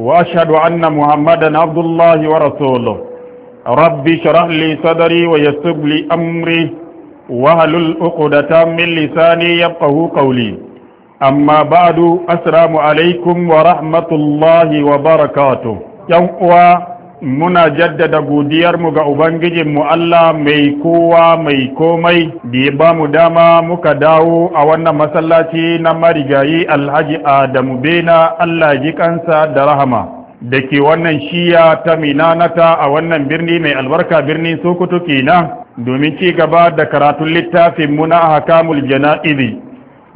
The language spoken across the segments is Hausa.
وأشهد أن محمدا عبد الله ورسوله ربي شرح لي صدري ويسر لي أمري وهل عقدة من لساني يفقه قولي أما بعد السلام عليكم ورحمة الله وبركاته يوم muna jaddada godiyarmu ga Ubangijinmu Allah mai kowa mai komai da ya ba mu dama muka dawo a wannan masallaci na marigayi Alhaji Adamu Bena Allah ji kansa da rahama da ke wannan shiya ta minanata a wannan birni mai albarka birnin Sokoto kenan domin ci gaba da karatun littafin muna hakamul jana'izi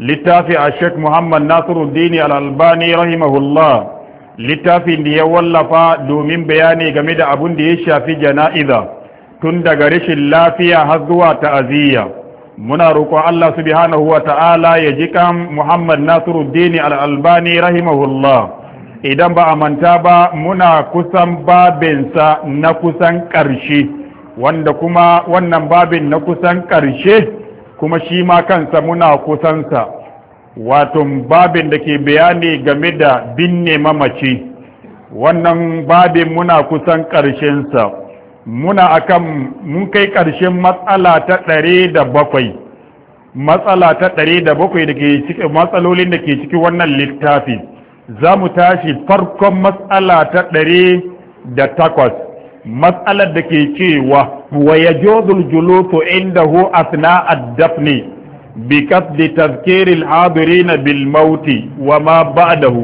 littafi a Sheikh Muhammad Nasiruddin Al-Albani rahimahullah littafin da ya wallafa domin bayani game da abun da ya shafi jana'iza tun daga rashin lafiya har zuwa ta'aziyya muna roƙon Allah subhanahu wa ta'ala ya ji kan Muhammad Nasiruddin Al-Albani rahimahullah idan ba a manta ba muna kusan babinsa na kusan ƙarshe wanda kuma wannan babin na kusan ƙarshe kuma shi ma kansa muna kusansa wato babin da ke bayani game da binne mamaci wannan babin muna kusan ƙarshensa muna akan mun kai ƙarshen matsala ta ɗare da bakwai matsala ta ɗare da bakwai da ke cikin matsalolin da ke cikin wannan littafi za mu tashi farkon matsala ta ɗare da takwas matsalar da ke cewa wa ya jozul inda hu asna ad-dafni bikas بقصد تذكير الحاضرين بالموت وما بعده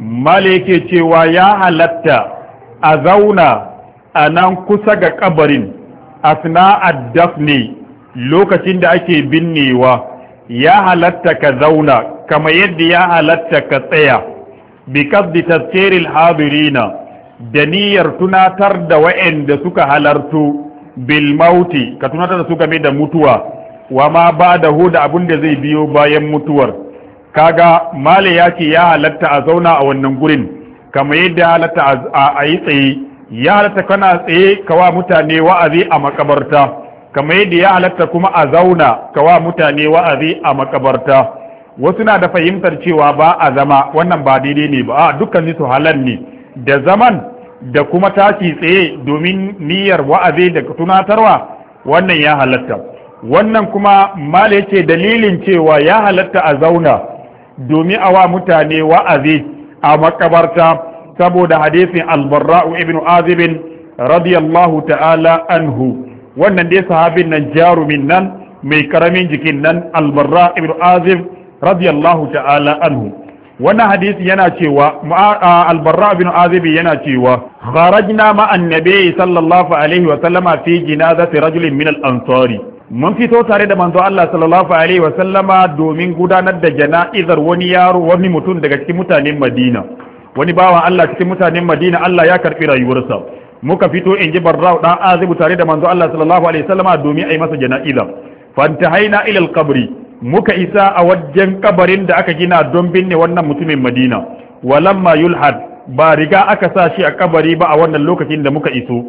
مالك cewa ya halatta a zauna a nan kusa ga kabarin asna ad lokacin da ake binnewa ya halatta ka zauna kama yadda ya halatta ka tsaya bikas di tazkiril hadirina da niyyar tunatar da wa'anda suka halartu bilmauti ka tunatar da su game da mutuwa wa ma ba da hu da abin da zai biyo bayan mutuwar kaga male ya ce ya halatta a zauna a wannan gurin kamar yadda halatta a yi tsaye ya halatta kana tsaye kawa mutane wa'azi a makabarta kamar yadda ya halatta kuma a zauna kawa mutane wa'azi a makabarta wasu na da fahimtar cewa ba a zama wannan ba daidai ne ba a dukkan su halal ne da zaman da kuma tashi tsaye domin niyyar wa'azi da tunatarwa wannan ya halatta wannan kuma mala yace dalilin cewa ya halatta a zauna domin awa mutane wa'azi a makabarta saboda hadisin albarra'u ibn azibin radiyallahu ta'ala anhu wannan dai sahabin nan jarumin nan mai karamin jikin nan albarra ibn azib radiyallahu ta'ala anhu wannan hadisi yana cewa albarra ibn azib yana cewa kharajna ma annabi sallallahu alaihi wa sallama fi jinazati rajulin min al-ansari mun fito tare da manzo Allah sallallahu alaihi wa sallama domin gudanar da jana'izar wani yaro wani mutum daga cikin mutanen Madina wani bawan Allah cikin mutanen Madina Allah ya karbi rayuwarsa muka fito in ji barrau dan azibu tare da manzo Allah sallallahu alaihi wa sallama domin ai masa jana'iza fantahaina ila alqabri muka isa a wajen kabarin da aka gina don binne wannan mutumin Madina walamma yulhad ba riga aka sa shi a kabari ba a wannan lokacin da muka iso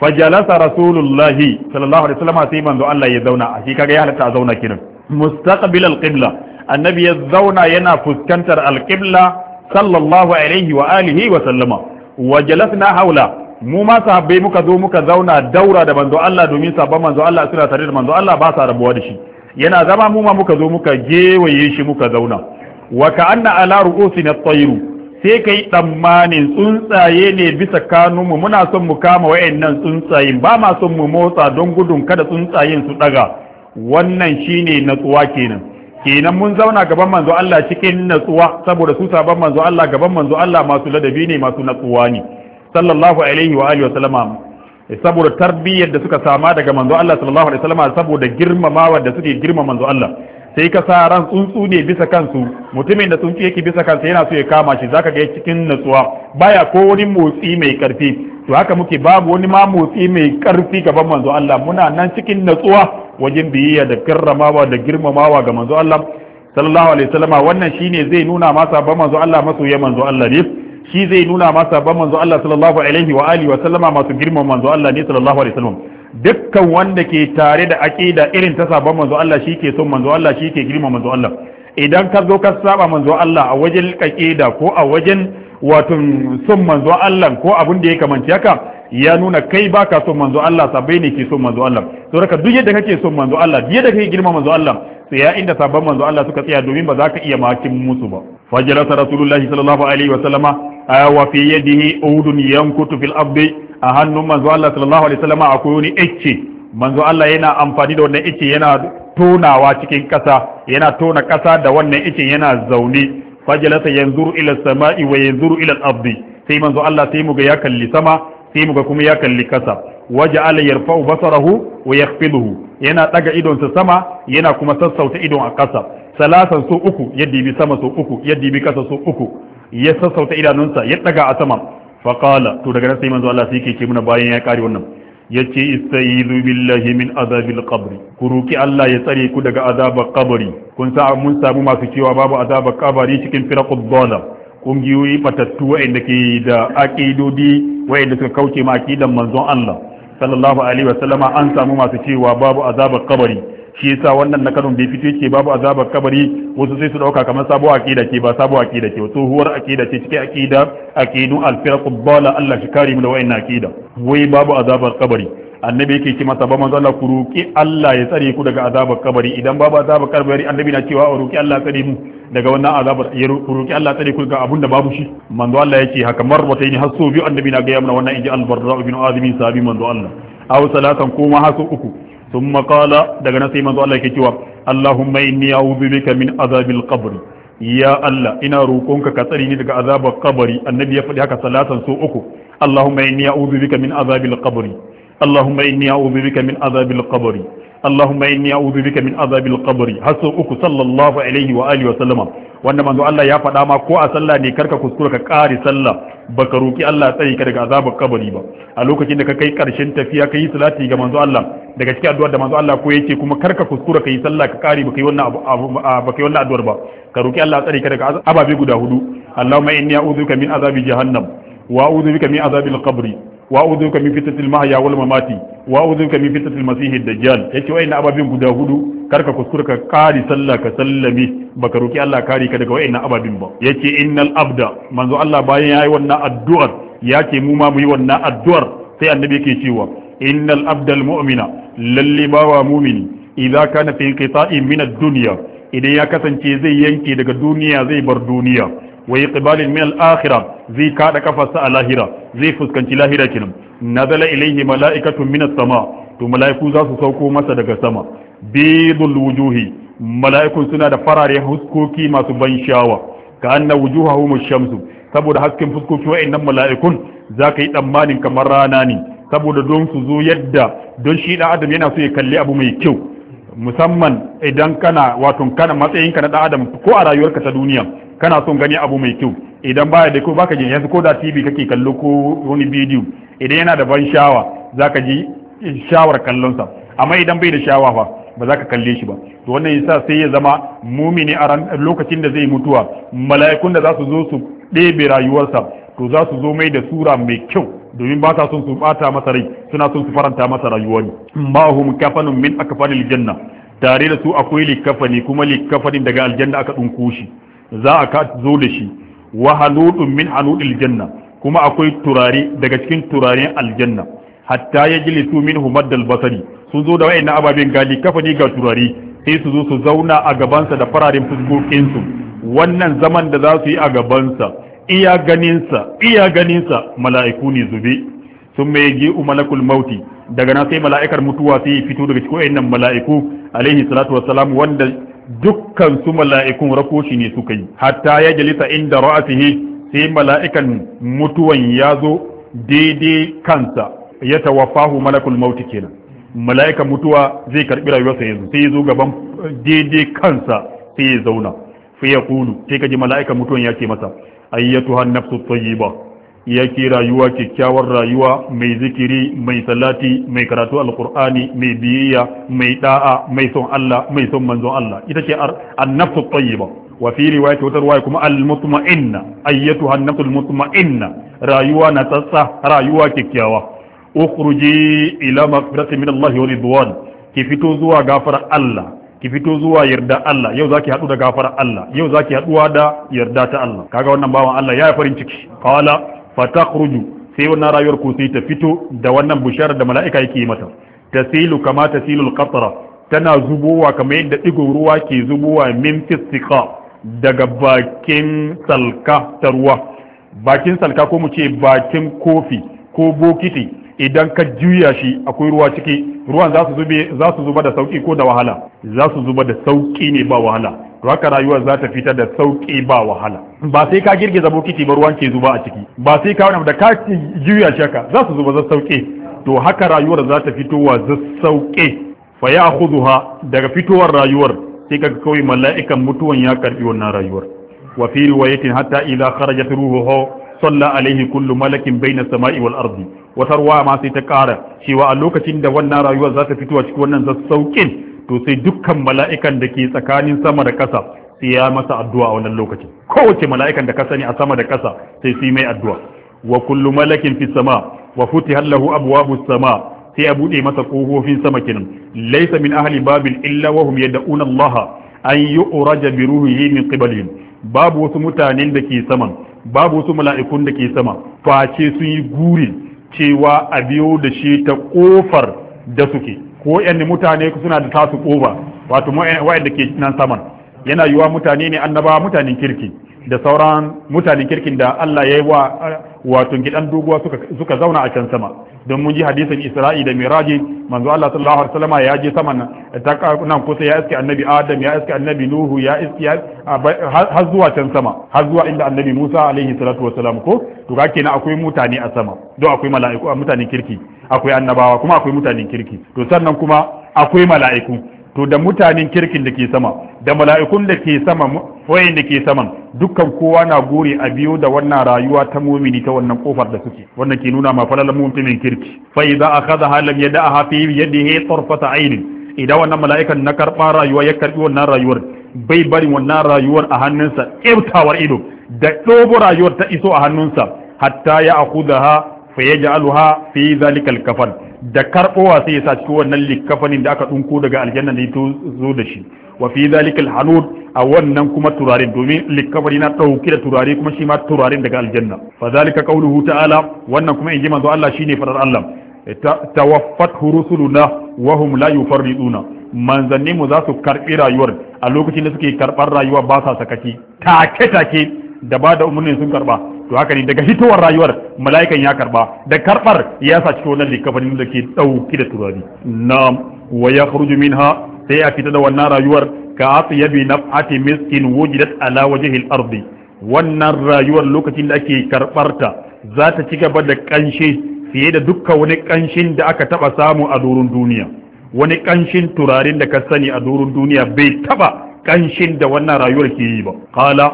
fajalasa rasulullahi sallallahu alaihi wasallam sai manzo Allah ya zauna a shi kaga ya halatta a zauna kiran mustaqbil alqibla annabi ya zauna yana fuskantar alqibla sallallahu alaihi wa alihi wa sallama wa haula mu ma sahabbai muka zo muka zauna daura da manzo Allah domin sabon manzo Allah suna tare da manzo Allah ba sa rabuwa da shi yana zama mu ma muka zo muka gewaye shi muka zauna wa ka'anna ala ru'usina at-tayru sai kai tsammanin tsuntsaye ne bisa kanunmu muna son mu kama nan tsuntsayen ba ma son mu motsa don gudun kada tsuntsayen su daga wannan shine natsuwa kenan kenan mun zauna gaban manzo Allah cikin natsuwa saboda su saban manzo Allah gaban manzo Allah masu ladabi ne masu natsuwa ne sallallahu alaihi wa alihi wa sallama saboda tarbiyyar da suka sama daga manzo Allah sallallahu alaihi wa sallama saboda girmamawa da suke girma manzo Allah sai ka sa ran tsuntsu ne bisa kansu mutumin da tsuntsu yake bisa kansa yana so ya kama shi zaka ga cikin natsuwa baya ko wani motsi mai karfi to haka muke babu wani ma motsi mai karfi gaban manzo Allah muna nan cikin natsuwa wajen biyayya da karramawa da girmamawa ga manzo Allah sallallahu alaihi wasallama wannan shine zai nuna masa ba manzo Allah masoya manzo Allah ne shi zai nuna masa ba manzo Allah sallallahu alaihi wa alihi wa sallama masu girmama manzo Allah ne sallallahu alaihi wasallam dukkan wanda ke tare da aqida irin ta sabon manzo Allah shi ke son manzo Allah shi ke girma manzo Allah idan ka zo ka saba manzo Allah a wajen aqida ko a wajen wato son manzo Allah ko abin da ya kamanci haka ya nuna kai baka son manzo Allah sabai ne ke son manzo Allah to raka duk yadda kake son manzo Allah duk yadda kake girma manzo Allah sai ya inda sabon manzo Allah suka tsaya domin ba za ka iya makin musu ba fajalasa rasulullahi sallallahu alaihi wa sallama wafi fi yadihi udun yankutu fil Abdi, a hannun manzo Allah sallallahu alaihi wasallam akwai wani icce manzo Allah yana amfani da wannan icce yana tonawa cikin kasa yana tona kasa da wannan icce yana zaune fajalasa yanzuru ila samai wa yanzuru ila al-ardi sai manzo Allah sai muga ya kalli sama sai muga kuma ya kalli kasa waja'ala yarfa'u basarahu wa yakhfiduhu yana daga idonsa sama yana kuma sassauta idon a kasa salasan so uku ya dibi sama so uku ya dibi kasa so uku ya sassauta idanunsa ya daga a sama fa to daga nan sai manzo Allah sai yake ce muna bayan ya kare wannan yace ce billahi min azabil qabr ku roki Allah ya tsare ku daga azabar kabari kun sa mun samu masu cewa babu azabar kabari cikin firaqud dalal kungiyoyi batattu wa'inda ke da aqidodi wa'inda suka kauce ma aqidan manzon Allah sallallahu alaihi wasallama an samu masu cewa babu azabar kabari shi yasa wannan na kanun bai fito yake babu azabar kabari wasu sai su dauka kamar sabo aqida ce ba sabo aqida ce wato huwar aqida ce cikin aqida aqidu al-firq bala Allah shi kare mu da wayannan aqida wai babu azabar kabari annabi yake ce masa ba manzo Allah ku roki Allah ya tsare ku daga azabar kabari idan babu azabar kabari annabi na cewa a roki Allah tsare mu daga wannan azabar ya roki Allah tsare ku daga abun da babu shi manzo Allah yake haka marwata ne hasso biyu annabi na ga yamna wannan inji al-barra bin azimi sabi manzo Allah aw salatan ko ma hasso uku ثم قال دغنا سي منزو الله يكي اللهم اني اعوذ بك من عذاب القبر يا الله انا روكونك كتري ني daga عذاب القبر النبي يفدي haka salatan su uku اللهم اني اعوذ بك من عذاب القبر اللهم اني اعوذ بك من عذاب القبر Allahumma inni a'udhu bika min azabil qabri har uku sallallahu alaihi wa alihi wa sallama wanda manzo Allah ya faɗa ma ko a sallah ne karka kuskura ka ƙari sallah baka roki Allah tsari ka daga azabar kabari ba a lokacin da ka kai karshen tafiya ka yi salati ga manzo Allah daga cikin addu'ar da manzo Allah ko ce kuma karka kuskura ka yi sallah ka ƙari baka yi wannan baka yi wannan addu'ar ba ka roki Allah tsari ka daga ababe guda hudu Allahumma inni a'udhu bika min azabi jahannam wa a'udhu bika min azabil qabri wa min fitatil mahya wal mamati wa min fitatil masih dajjal yace wayannan ababin guda hudu karka kuskura ka kari sallah ka sallami baka roki Allah kari ka daga wayannan ababin ba yace innal abda manzo Allah bayan yayi wannan addu'ar yace mu ma mu yi wannan addu'ar sai annabi yake cewa innal abdal mu'mina lalli bawa mu'mini idza kana fi qita'in min ad-dunya idan ya kasance zai yanke daga duniya zai bar duniya wa iqbalin min al zai kaɗa kafarsa a lahira zai fuskanci lahira na nazala ilaihi mala'ikatun min sama to mala'iku za su sauko masa daga sama bidul wujuhi mala'ikun suna da farare huskoki masu ban shawa ka na wujuha ash-shamsu saboda hasken fuskoki wa'annan mala'ikun zaka yi tsammanin kamar rana ne saboda don su zo yadda don shi da adam yana so ya kalli abu mai kyau musamman idan kana wato kana matsayinka na da adam ko a rayuwarka ta duniya kana son gani abu mai kyau idan baya da kyau baka jin yanzu ko da tv kake kallo ko wani bidiyo idan yana da ban shawa zaka ji shawar kallon sa amma idan bai da shawa fa ba za ka kalle shi ba to wannan yasa sai ya zama mumini a lokacin da zai mutuwa mala'ikun da za su zo su ɗebe rayuwarsa to za su zo mai da sura mai kyau domin ba ta son su bata masa rai suna son su faranta masa rayuwa ne hum kafanun min akfalil janna tare da su akwai likafani kuma likafanin daga aljanna aka dunko shi za a ka zo da shi wa hanudun min hanudil janna kuma akwai turare daga cikin turaren aljanna hatta ya jilisu min humaddal basari sun zo da wa'in ababen gali ne ga turare sai su zo su zauna a gabansa da fararen fuskokinsu wannan zaman da za su yi a gabansa iya ganinsa iya ganinsa mala'iku ne zube sun mai ji umalakul mauti daga nan sai mala'ikar mutuwa sai fito daga cikin nan mala'iku alaihi salatu wassalam wanda dukkan su mala'ikun rakoshi ne suka yi hatta ya jalisa inda ra'atihi sai mala'ikan mutuwan ya zo daidai kansa ya tawafahu malakul mauti kenan mala'ikan mutuwa zai karɓi rayuwarsa yanzu sai ya zo gaban daidai kansa sai ya zauna fa yaqulu sai kaji mala'ikan mutuwan ya ce masa ayyatu hannafsu tayyiba ya rayuwa kyakkyawar rayuwa mai zikiri mai salati mai karatu alkur'ani mai biyayya mai da'a mai son Allah mai son manzon Allah ita ce an-nafsu tayyiba wa fi riwayati wata riwaya kuma al-mutma'inna ayyatuha an al-mutma'inna rayuwa na tsatsa rayuwa kyakkyawa ukhruji ila maghfirati min Allah wa ridwan ki fito zuwa gafara Allah ki fito zuwa yarda Allah yau zaki hadu da gafara Allah yau zaki haduwa da yarda ta Allah kaga wannan bawan Allah ya farin ciki qala fatakhruju sai wannan rayuwar ku sai ta fito da wannan bushara da mala'ika yake yi mata tasilu kama tasilu al-qatra tana zubowa kamar yadda digon ruwa ke zubowa min fisqa daga bakin salka ta ruwa bakin salka ko mu ce bakin kofi ko bokiti idan ka juya shi akwai ruwa ciki ruwan za su zuba da sauki ko da wahala za su zuba da sauki ne ba wahala to haka rayuwar za ta fitar da sauƙi ba wahala ba sai ka girgiza bokiti ba ruwan ke zuba a ciki ba sai ka wani da ka juya shaka za su zuba za sauƙe to haka rayuwar za ta fitowa za sauƙe fa ya khudhuha daga fitowar rayuwar sai ka kawai mala'ikan mutuwan ya karbi wannan rayuwar wa fi riwayatin hatta idza kharajat ruhuhu salla alaihi kullu malakin baina samai wal ardi Watarwa tarwa ma sai ta ƙara cewa a lokacin da wannan rayuwar za ta fitowa cikin wannan za zassauƙin to sai dukkan mala'ikan da ke tsakanin sama da ƙasa sai ya masa addu'a a wannan lokacin kowace mala'ikan da ka sani a sama da ƙasa sai su yi mai addu'a wa kullum malakin fi sama wa futihat hallahu abuwa sama sai a bude masa ƙofofin sama kenan laisa min ahli babil illa wa hum yad'una Laha an yu'raja bi ruhihi min qibalihim babu wasu mutanen da ke saman babu wasu mala'ikun da ke sama face sun yi guri cewa a biyo da shi ta kofar da suke ko waɗanne mutane suna da tasu ƙoba wato da ke nan saman yana yiwa mutane ne annaba mutanen kirki da sauran mutanen kirkin da Allah ya yi wa wato gidan doguwa suka zauna a can sama don mun ji hadisin Isra'i da Miraji manzo Allah sallallahu alaihi wasallam ya je saman ta nan kusa ya iske annabi Adam ya iske annabi Nuhu ya iske har zuwa can sama har zuwa inda annabi Musa alaihi salatu wasallam ko to ga kenan akwai mutane a sama don akwai mala'iku a mutanen kirki akwai annabawa kuma akwai mutanen kirki to sannan kuma akwai mala'iku to da mutanen kirkin da ke sama da mala'ikun da ke sama wayan da ke saman dukkan kowa na gore a biyo da wannan rayuwa ta mumini ta wannan kofar da suke wannan ke nuna ma falalan mutumin kirki fa idza akhadha lam yada'a fi yadihi tarfata ainin idan wannan mala'ikan na karba rayuwa ya karbi wannan rayuwar bai bari wannan rayuwar a hannunsa ibtawar ido da dobo rayuwar ta iso a hannunsa hatta ya akhudaha fa yaj'aluha fi zalika al da karbowa sai ya sa cikin wannan likafanin da aka dunko daga aljanna ne ito zo da shi wa fi zalika al a wannan kuma turaren domin likafani na dauki da turare kuma shi ma turaren daga aljanna fa zalika qawluhu ta'ala wannan kuma inji manzo Allah shine farar Allah tawaffat rusuluna wa hum la yufarriduna manzanni mu za su karbi rayuwar a lokacin da suke karbar rayuwa ba sa sakaci take take da ba da umurni sun karba to haka ne daga hitowar rayuwar mala'ikan ya karba da karbar ya sa cikin wannan likafanin da ke dauki da turari na wa ya khruju minha sai a fita da wannan rayuwar ka atyabi naf'ati miskin wujidat ala wajen hil'ardi ardi wannan rayuwar lokacin da ake karbarta za ta ci gaba da kanshi fiye da dukkan wani kanshin da aka taba samu a doron duniya wani kanshin turarin da ka sani a doron duniya bai taba kanshin da wannan rayuwar ke yi ba qala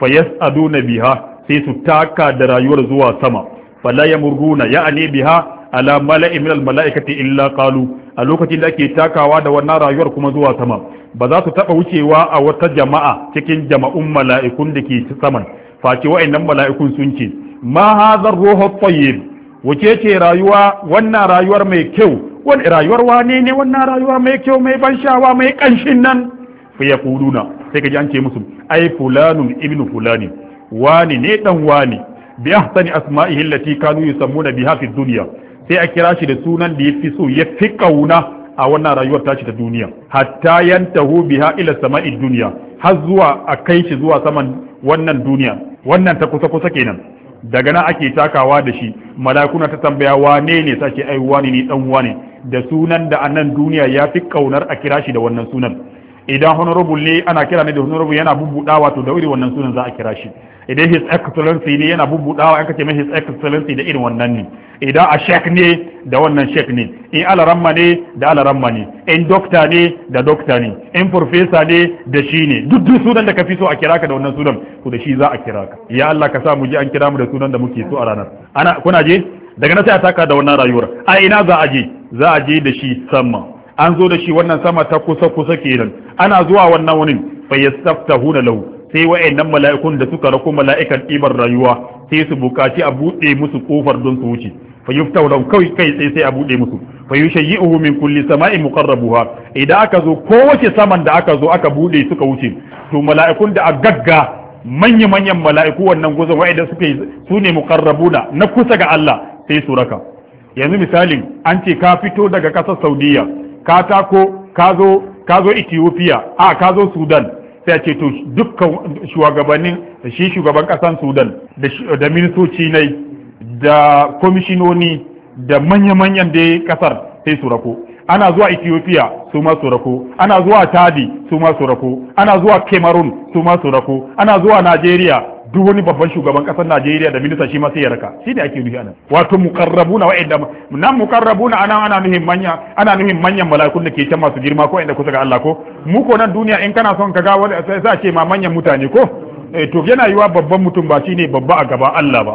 fayas'aluna biha sai su taka da rayuwar zuwa sama fala yamurruna ya'ni biha ala mala'in min almala'ikati illa qalu a lokacin da ake takawa da wannan rayuwar kuma zuwa sama ba za su taba wucewa a wata jama'a cikin jama'un mala'ikun da ke saman face wa'annan mala'ikun sun ce ma hazar ruhu tayyib wace ce rayuwa wannan rayuwar mai kyau wani rayuwar wane ne wannan rayuwa mai kyau mai ban sha'awa mai kanshin nan fa yaquluna sai ka an ce musu ai fulanun ibnu fulani wani ne dan wani bi ahsani asma'ihi allati kanu yusammuna biha fi dunya sai a kira shi da sunan da yafi so ya fi kauna a wannan rayuwar tashi ta duniya hatta yantahu biha ila sama'i dunya har zuwa a kai shi zuwa saman wannan duniya wannan ta kusa kusa kenan daga nan ake takawa da shi malakuna ta tambaya wane ne sace ai wani ne dan wani da sunan da a nan duniya ya fi kaunar a kira shi da wannan sunan idan honorable ne ana kira ne da honorable yana bubudawa to da wuri wannan sunan za a kira shi idan his excellency ne yana bubudawa an ce mai his excellency da irin wannan ne idan a shek ne da wannan shek ne in alaramma ne da alaramma ne in dokta ne da dokta ne in profesa ne da shi ne duk duk sunan da ka fi so a kira ka da wannan sunan to da shi za a kira ka ya Allah ka sa mu ji an kira mu da sunan da muke so a ranar ana kuna je daga nan sai a taka da wannan rayuwar a ina za a je za a je da shi sama an zo da shi wannan sama ta kusa kusa kenan ana zuwa wannan wani fa yastaftahuna lahu sai wa'annan mala'ikun da suka rako mala'ikan ɗibar rayuwa sai su bukaci a buɗe musu kofar don su wuce fa yuftahu kai kai sai sai a buɗe musu fa yushayyi'uhu min kulli sama'in muqarrabuha idan aka zo kowace saman da aka zo aka buɗe suka wuce to mala'ikun da a gagga manya manyan mala'iku wannan gozon wa'anda suka su ne muqarrabuna na kusa ga Allah sai su raka yanzu misalin an ce ka fito daga kasar Saudiya ka tako ka zo ka zo Ethiopia a ka zo Sudan sai ce to dukkan shugabannin shi shugaban kasan sudan da ministoci ne da komishinoni da manya-manyan da kasar sai su rako ana zuwa ethiopia su ma su rako ana zuwa tadi su ma su rako ana zuwa cameroon su ma su rako ana zuwa nigeria duk wani babban shugaban kasar Najeriya da minista shi ma sai ya raka shi ne ake nufi anan wato muqarrabuna wa'inda nan muqarrabuna anan ana nufin manya ana nufin manyan mala'ikun da ke can masu girma ko inda kusa ga Allah ko mu ko nan duniya in kana son ka ga wani sai za ce ma manyan mutane ko eh, to yana yiwa babban mutum ba shine babba a gaba Allah ba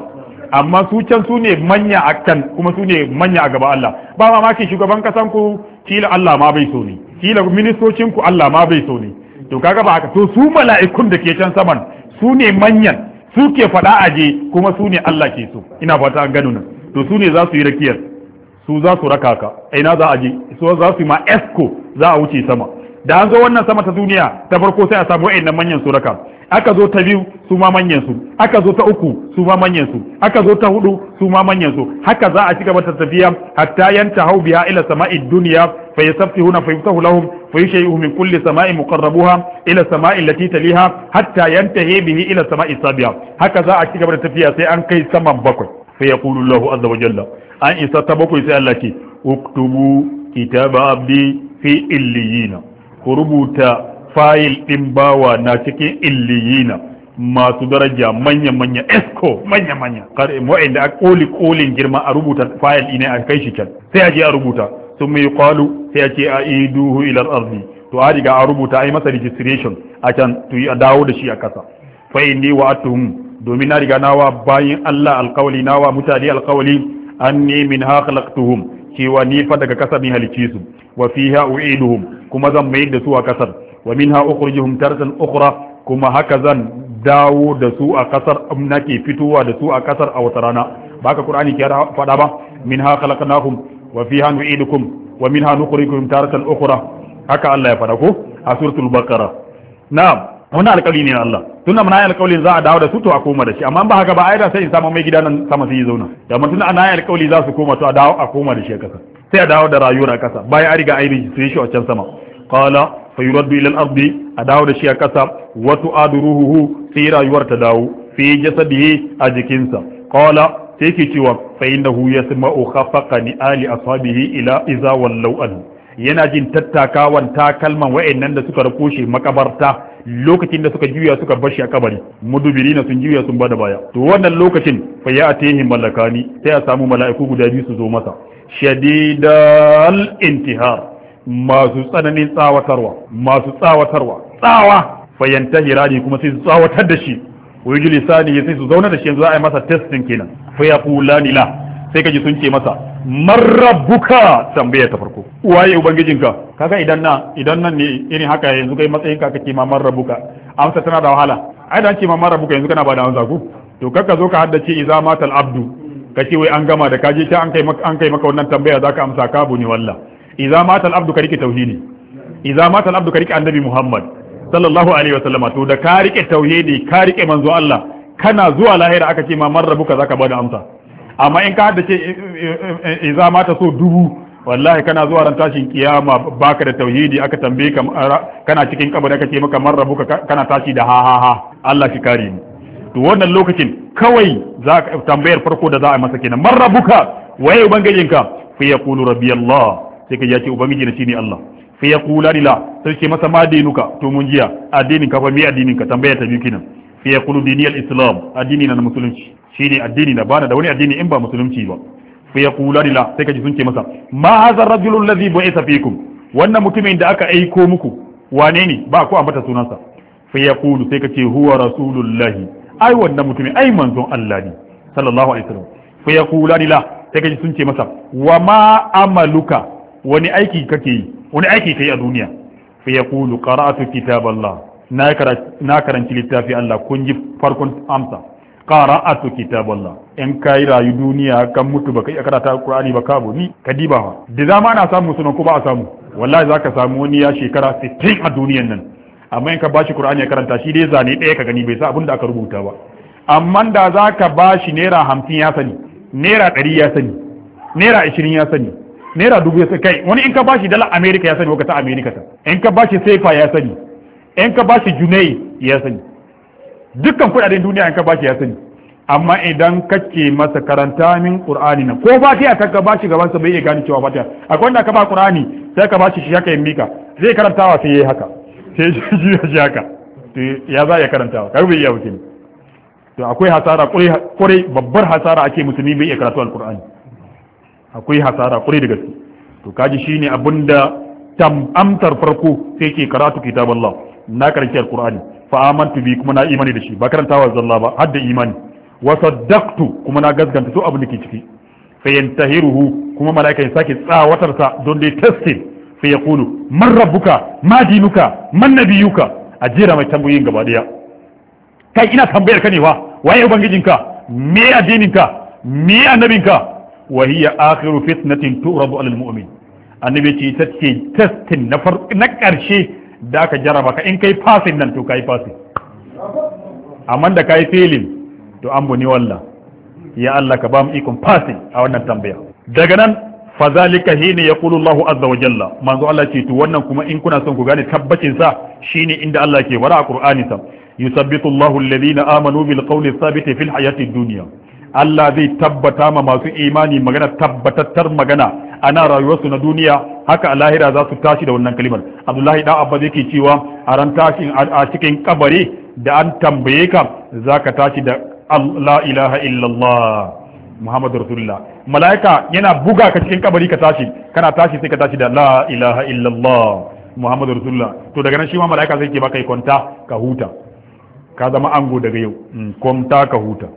amma su can su ne manya a kan kuma su ne manya a gaba Allah ba mamaki shugaban kasan ku kila Allah ma bai so ne kila ministocin ku Allah ma bai so ne to kaga ba haka to su mala'ikun da ke can saman su ne manyan su ke faɗa je kuma su ne Allah ke so ina fata an gano nan to su ne za su yi rakiyar su za su raka ka ina za a je su za su yi ma esko za a wuce sama da an zo wannan sama ta duniya ta farko sai a samu wa'annan manyan su raka aka zo ta biyu su ma manyan su aka zo ta uku su ma manyan su aka zo ta hudu su ma manyan su haka za a ci gaba ta tafiya hatta yanta hau biya ila sama'id duniya فيستفتحون فيفتح لهم فيشيء من كل سماء مقربها إلى السماء التي تليها حتى ينتهي به إلى السماء السابعة هكذا أكتب قبل التفيا سيأن كي سمم بكر فيقول الله عز وجل أن إسا تبكر سألتي اكتبوا كتاب عبدي في إليين كربوتا fayil ɗin bawa na cikin illiyina masu daraja manya-manya esco manya-manya wa'inda a koli kolin girma a rubuta fayil ɗine a kai shi can sai a je a rubuta sun mai kwalu sai a ce a duhu ilar arzi to a riga a rubuta a yi masa registration a can to a dawo da shi a kasa fa inni wa atuhum domin na riga nawa bayin Allah alkawali nawa mutane alkawali anni min ha khalaqtuhum cewa ni fa daga kasa ni halice su wa fiha u'iduhum kuma zan mai da su a kasar wa minha ukhrijuhum taratan ukhra kuma haka zan dawo da su a kasar nake fitowa da su a kasar a wata rana ba ka qur'ani ke faɗa ba min ha khalaqnahum wa fiha nu'idukum wa minha nukhrijukum taratan ukhra haka Allah ya fada ko a suratul baqara na'am wannan alƙawari ne Allah tunda mun ayi alƙawari za a dawo da su to a koma da shi amma ba haka ba ai da sai in samu mai gida nan sama sai zauna da mun tunda ana ayi alƙawari za su koma to a dawo a koma da shi a ƙasa sai a dawo da rayuwar a kasa bayan an riga ayi su yi shi a can sama qala fa yuraddu ila al-ardi a dawo da shi a kasa wa tu'adu ruhuhu sai rayuwar ta dawo fi jasadihi a jikinsa qala sai ke cewa ya innahu yasma'u khafaqa ni ali ashabihi ila iza wallau an yana jin tattakawan takalman wa'annan da suka rako shi makabarta lokacin da suka juya suka bar shi a kabari mudubiri na sun juya sun bada baya to wannan lokacin fa ya atehi malakani sai a samu mala'iku guda biyu su zo masa shadidal intihar masu tsananin tsawatarwa masu tsawatarwa tsawa fayyanta hirani kuma sai su tsawatar da shi wa sani sai su zauna da shi yanzu za a yi masa testing kenan fa yaqulani la sai ji sun ce masa marrabuka tambaya ta farko waye ubangijinka kaga idan na idan nan ne irin haka yanzu kai matsayin ka kake ma marrabuka amsa tana da wahala ai dan ce ma marrabuka yanzu kana ba da amsa ku to kakka zo ka haddace idza matal abdu kace wai an gama da kaje ta an kai maka an kai maka wannan tambaya zaka amsa kabu ne walla idza matal abdu ka rike tauhidi idza matal abdu ka rike annabi muhammad sallallahu alaihi wa wasallama to da ka rike tauhidi ka rike manzo Allah kana zuwa lahira aka ce ma marrabuka zaka bada amsa amma in ka hada ce iza mata so dubu wallahi kana zuwa ran tashin kiyama baka da tauhidi aka tambaye ka kana cikin kabari aka ce maka marrabuka, kana tashi da ha ha ha Allah shi kare ni. to wannan lokacin kawai za ka tambayar farko da za a masa kenan marrabuka waye ubangijinka fi yaqulu rabbi Allah sai ka ce, ubangiji na shine Allah fa kula lillah sai ce masa ma dinuka to mun jiya addinin ka fa mi addinin ka tambaya ta biyu kenan fa kulu dini al-islam addini na musulunci shine addini na bana da wani addini in ba musulunci ba fa kula lillah sai kaji sun ce masa ma hadha ar-rajul alladhi bu'itha fikum wannan mutumin da aka aiko muku wane ne ba ku ambata sunansa fa kulu sai ce huwa rasulullahi ai wannan mutumin ai manzon Allah ne sallallahu alaihi wasallam fa kula lillah sai kaji sun ce masa wa ma amaluka wani aiki kake yi wani aiki ta yi a duniya fa ya kulu qara'atu kitaballah na karanci littafi Allah kun ji farkon amsa qara'atu kitaballah in kai rayu duniya kan mutu baka iya karata Al-Qur'ani ba ka ni kadiba ba da zama ana samu sunan ko ba a samu wallahi zaka samu wani ya shekara 60 a duniyan nan amma in ka bashi qur'ani ya karanta shi dai zane ɗaya ka gani bai sa abin da aka rubuta ba amma da zaka bashi naira 50 ya sani naira 100 ya sani naira 20 ya sani naira dubu ya sai kai wani in ka bashi dala america ya sani wakata america ta in ka bashi sefa ya sani in ka bashi junai ya sani dukkan kudaden duniya in ka bashi ya sani amma idan kake masa karanta min qur'ani na ko ba ta ka bashi gaban sa bai iya gani cewa ta akwai wanda ka ba qur'ani sai ka bashi shi haka ya mika zai karantawa sai yayi haka sai shi ya shi haka to ya za ya karantawa kai bai iya wuce to akwai hasara kurai babbar hasara ake mutumi bai iya karatu alqur'ani akwai hasara kwarai da gaske to kaji shine abinda tam farko sai ke karatu Allah na karshe alqur'ani fa amantu bi kuma na imani da shi ba karantawa zalla ba har da imani wa saddaqtu kuma na gaskanta to abin da ke ciki fa yantahiruhu kuma malaika ya sake tsawatar sa don dai testing fa yaqulu man rabbuka ma dinuka man nabiyuka a mai tambayoyin gaba daya kai ina tambayar ka ne wa waye ubangijinka me addininka me annabinka wa hiya akhiru fitnatin turabu alal mu'min annabi ce ta ce testin na na karshe da aka jaraba ka in kai fasin nan to kai fasin amma da kai filin to an buni walla ya Allah ka ba mu ikon fasin a wannan tambaya daga nan fa zalika hina yaqulu Allahu azza wa jalla manzo Allah ce ta, wannan kuma in kuna son ku gane tabbacin sa shine inda Allah ke wara a Qur'ani sa yusabbitu Allahu alladhina amanu bil qawli thabiti fil hayatin duniya. Allah zai tabbata ma masu imani magana tabbatattar magana ana rayuwarsu na duniya haka a lahira za su tashi da wannan kalimar abdullahi da abba zai ke cewa a ran tashi a cikin kabari da an tambaye ka za ka tashi da la ilaha illallah muhammadu rasulullah mala'ika yana buga ka cikin kabari ka tashi kana tashi sai ka tashi da la ilaha illallah muhammadu rasulullah to daga nan shi ma mala'ika zai ke baka kwanta ka huta ka zama ango daga yau mm, kwanta ka huta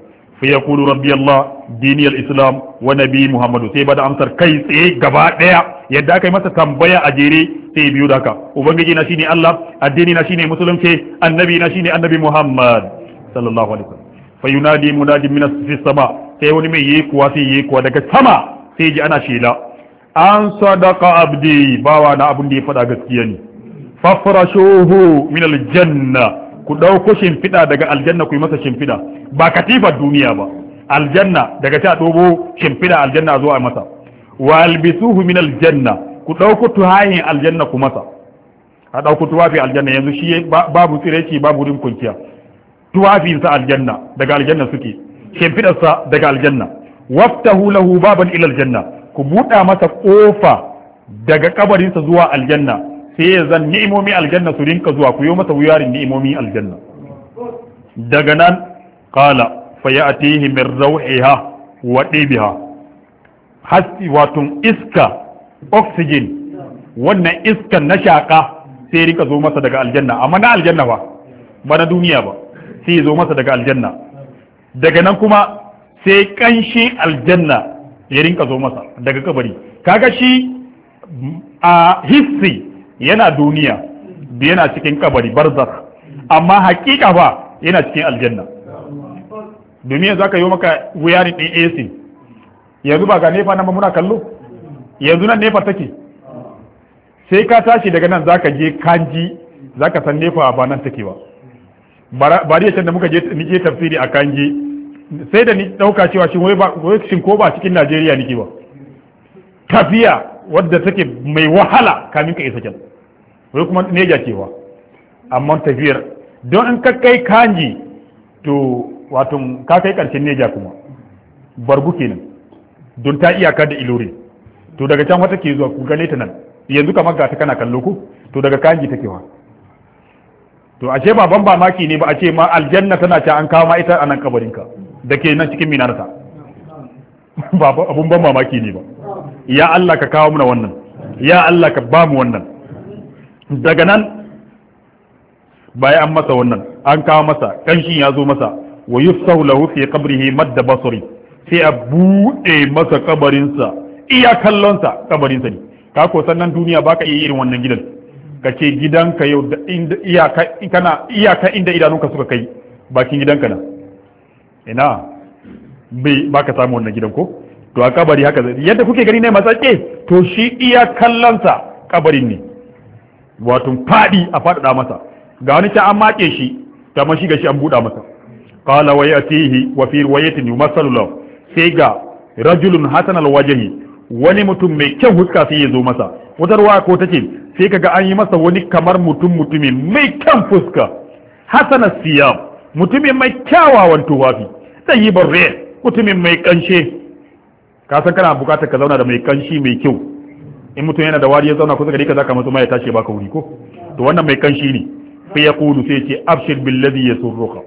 fa yaqulu rabbi Allah dini islam wa nabi Muhammadu sai bada amsar kai tsaye gaba daya yadda aka yi masa tambaya a jere sai biyu da haka ubangiji na shine Allah addini na shine musulunci annabi na shine annabi Muhammad sallallahu alaihi wasallam fa yunadi munadi min as-sama sai wani mai yi kuwa sai yi kuwa daga sama sai ji ana shela an sadaka abdi na abun da ya faɗa gaskiya ne fafrashuhu min aljanna ku ɗauko shimfiɗa daga aljanna ku yi masa shimfiɗa ba katifar duniya ba aljanna daga ta ɗobo shimfiɗa aljanna zuwa masa wa albisuhu min aljanna ku ɗauko tuhayin aljanna ku masa a ɗauko tuwafi aljanna yanzu shi babu tsireci babu wurin kunciya tuwafinsa aljanna daga aljanna suke sa daga aljanna waftahu lahu baban ila aljanna ku buɗa masa ƙofa daga kabarinsa zuwa aljanna sai ya zan ni'imomi aljanna su rinka zuwa ku yi masa wuyarin ni'imomi aljanna daga nan kala fa ya'tihi min ha wa dibiha hasi wato iska oxygen wannan iskan na shaka sai rinka zo masa daga aljanna amma na aljanna ba ba na duniya ba sai zo masa daga aljanna daga nan kuma sai kanshin aljanna ya rinka zo masa daga kabari kaga shi a hissi yana duniya da yana cikin kabari barzakh amma hakika fa yana cikin aljanna domin yanzu aka yi maka wuyarin ɗin AC yanzu ba ga nefa nan muna kallo yanzu nan nefa take sai ka tashi daga nan zaka je kanji zaka san nefa ba nan take ba bari can da muka je tafsiri a kanji sai da ni dauka cewa shin wai ko ba cikin Najeriya nike ba tafiya wadda take mai wahala kamin ka isa can wai kuma neja kewa amma tafiyar don in ka kai kanji to wato kakai kai karshen neja kuma bargu kenan don ta iyaka da ilori to daga can wata ke zuwa ku gane ta nan yanzu kamar ga ta kana kallo ku to daga kanji take wa to ashe ba ban ba maki ne ba a ce ma aljanna tana ta an kawo ma ita a nan kabarinka da ke nan cikin minarsa ba abun ban mamaki ne ba ya Allah ka kawo muna wannan ya Allah ka ba mu wannan daga nan bai an masa wannan an kawo masa kanshin ya zo masa wa yufsahu lahu fi qabrihi madda basri sai a buɗe masa kabarinsa iya kallonsa kabarinsa ne ka ko sannan duniya baka iya irin wannan gidan ka ce gidanka yau da iyaka kana iyaka inda idanunka suka kai bakin gidanka na ina bai baka samu wannan gidan ko to a kabari haka yadda kuke gani ne masake to shi iya kallonsa kabarin ne wato fadi a fadada masa ga wani ta an make shi Ta mashi ga shi an buɗa masa qala wa yatihi wa fi riwayatin yumassalu law sai ga rajulun hasan alwajhi wani mutum mai kyan huska sai ya zo masa wata wa ko tace sai kaga an yi masa wani kamar mutum mutumi mai kyan fuska hasana siyam mutumin mai kyawawan tufafi yi barre mutumin mai kanshe ka san kana bukatar ka zauna da mai kanshi mai kyau in mutum yana da wari ya zauna kusa gare ka zaka mutum ya tashi baka wuri ko to wannan mai kanshi ne fa yaqulu sai ce abshir billadhi yasurruka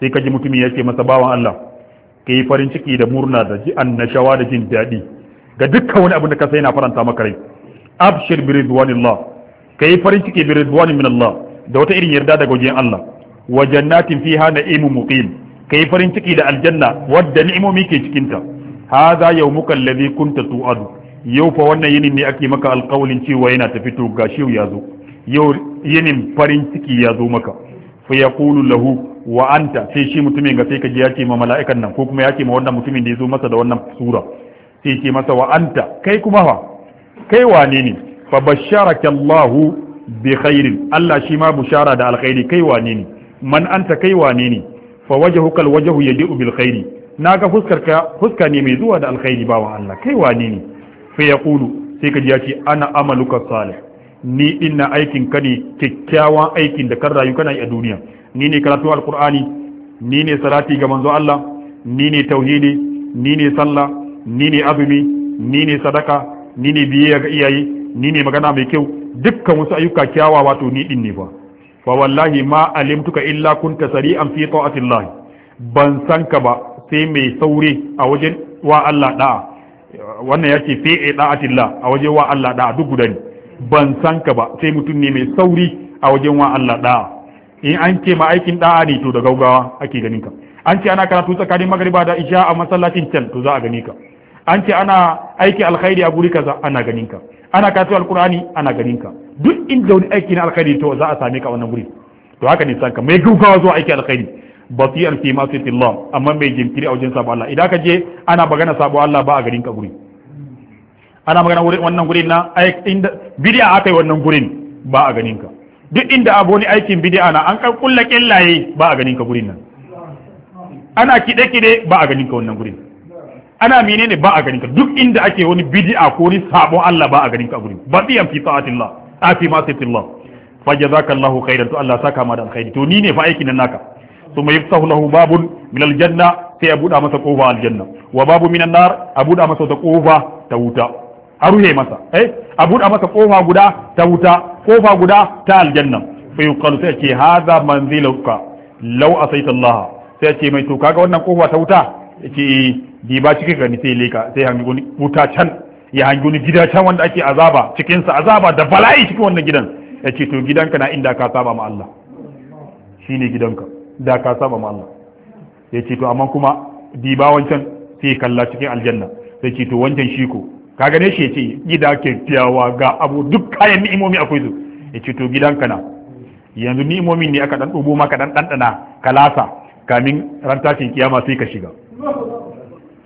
sai kaji mutumin ya ce masa bawan Allah kai farin ciki da murna da ji annashawa da jin daɗi ga dukkan wani abin da ka sai na faranta maka rai abshir bi ridwanillah kai farin ciki bi ridwan min Allah da wata irin yarda daga wajen Allah wa jannatin fiha na'imun muqim kai farin ciki da aljanna wadda ni'imomi ke cikinta hadha yawmuka alladhi kunta tu'adu yau fa wannan yinin ne ake maka alƙawalin cewa yana ta fito, ga shi ya zo yau yinin farin ciki ya zo maka fa yaqulu lahu wa anta sai shi mutumin ga sai ka ji ya ce ma mala'ikan nan ko kuma ya ce ma wannan mutumin da ya zo masa da wannan sura sai ce masa wa anta kai kuma fa kai wane ne fa basharaka Allahu bi khairin Allah shi ma bushara da alkhairi kai wane ne man anta kai wane ne fa wajhuka alwajhu yadi'u bil khairi naga fuskar ka fuska ne mai zuwa da alkhairi bawa Allah kai wane ne fa yaqulu sai ka ji ya ce ana amaluka salih ni dinna aikin ka ne kyakkyawan aikin da kan rayu kana a duniya ni ne karatu alqur'ani ni ne salati ga manzo Allah ni ne tauhidi ni ne sallah ni ne azumi ni ne sadaka ni ne biyayya ga iyaye ni ne magana mai kyau dukkan wasu ayyuka kyawawa wato ni din ne fa fa wallahi ma alimtuka illa kunta sari'an fi ta'atillah ban san ka ba sai mai saure a wajen wa Allah da'a wannan ya ce fi da'atillah a wajen wa Allah da'a duk guda ne ban san ka ba sai mutum ne mai sauri a wajen wa Allah da'a in an ce ma aikin da'a ne to da gaugawa ake ganin ka an ce ana karatu tsakanin magariba da isha a masallacin can to za a gani ka an ce ana aiki alkhairi a guri kaza ana ganin ka ana karatu alkurani ana ganin ka duk inda wani aiki na alkhairi to za a same ka wannan guri to haka ne ka mai gaugawa zuwa aiki alkhairi basiran fi ma'siyati Allah amma mai jinkiri a wajen sabo Allah idan ka je ana magana sabo Allah ba a garin ka guri ana magana wurin wannan guri na ai inda bid'a aka yi wannan gurin ba a ganin ka duk inda abu ne aikin bid'a na an kan kulla killaye ba a ganin ka gurin nan ana kide kide ba a ganin ka wannan gurin ana menene ba a ganin ka duk inda ake wani bid'a ko wani sabo Allah ba a ganin ka gurin basiran fi ta'atillah afi ma sitillah fa jazakallahu khairan to Allah saka ma da alkhairi to ni ne fa aikin nan naka ثم يفتح له باب من الجنة في أبو دامة قوفة الجنة وباب من النار أبو دامة قوفة توتا أروه مسا أي أبو دامة قوفة قدا توتا قوفة قدا تا الجنة فيقال سيأتي هذا منزلك لو أصيت الله سيأتي ميتوكا قولنا قوفة توتا yake bi ba cikin gani sai leka sai hangi wani wuta can ya hangi wani gida can wanda ake azaba cikinsa azaba da bala'i cikin wannan gidan ya ce to gidanka na inda ka saba ma Allah shine gidanka da ka saba ma Allah ya ce to amma kuma diba wancan sai kalla cikin aljanna sai ce to wancan shi ko ka gane shi ya ce gida kyakkyawa ga abu duk kayan ni'imomi akwai su ya ce to gidanka na yanzu ni'imomin ne aka dan dubo maka dan dandana kalasa kamin ran tashin kiyama sai ka shiga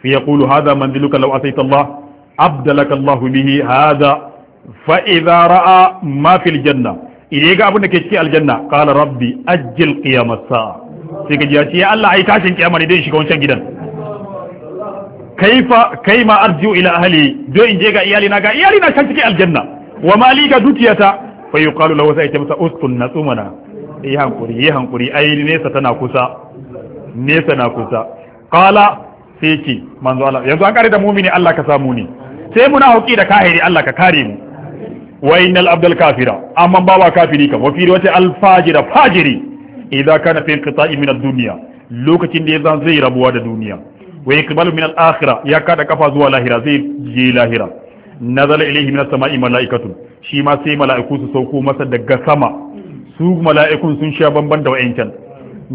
sai ya kulu hadha manziluka law asaita Allah abdalaka Allah bihi hadha fa idza ra'a ma fil idan ga abin da ke ciki aljanna qala rabbi ajjil qiyamas sa'a sai ka ji ya ce Allah ai tashin kiyama ne dai shiga wancan gidan kaifa kai ma arju ila ahli do in je ga iyali na ga iyali na can cikin aljanna wa mali ga dukiyata fa yuqalu lahu sai ta masa uskun nasumana yi hankuri yi hankuri ai nesa tana kusa nesa na kusa qala sai ce manzo Allah yanzu an kare da mumini Allah ka samu ni sai muna hauki da kahiri Allah ka kare mu wa innal abdal kafira amma bawa kafiri kan wa fi al fajira fajiri idza kana fi inqita'i min ad dunya lokacin da yazan zai rabuwa da duniya wa yaqbalu min al ya kada kafa zuwa lahira zai je lahira nazala ilayhi min as-sama'i mala'ikatu shi ma sai mala'iku su sauko masa daga sama su mala'ikun sun sha bamban da wa'ancan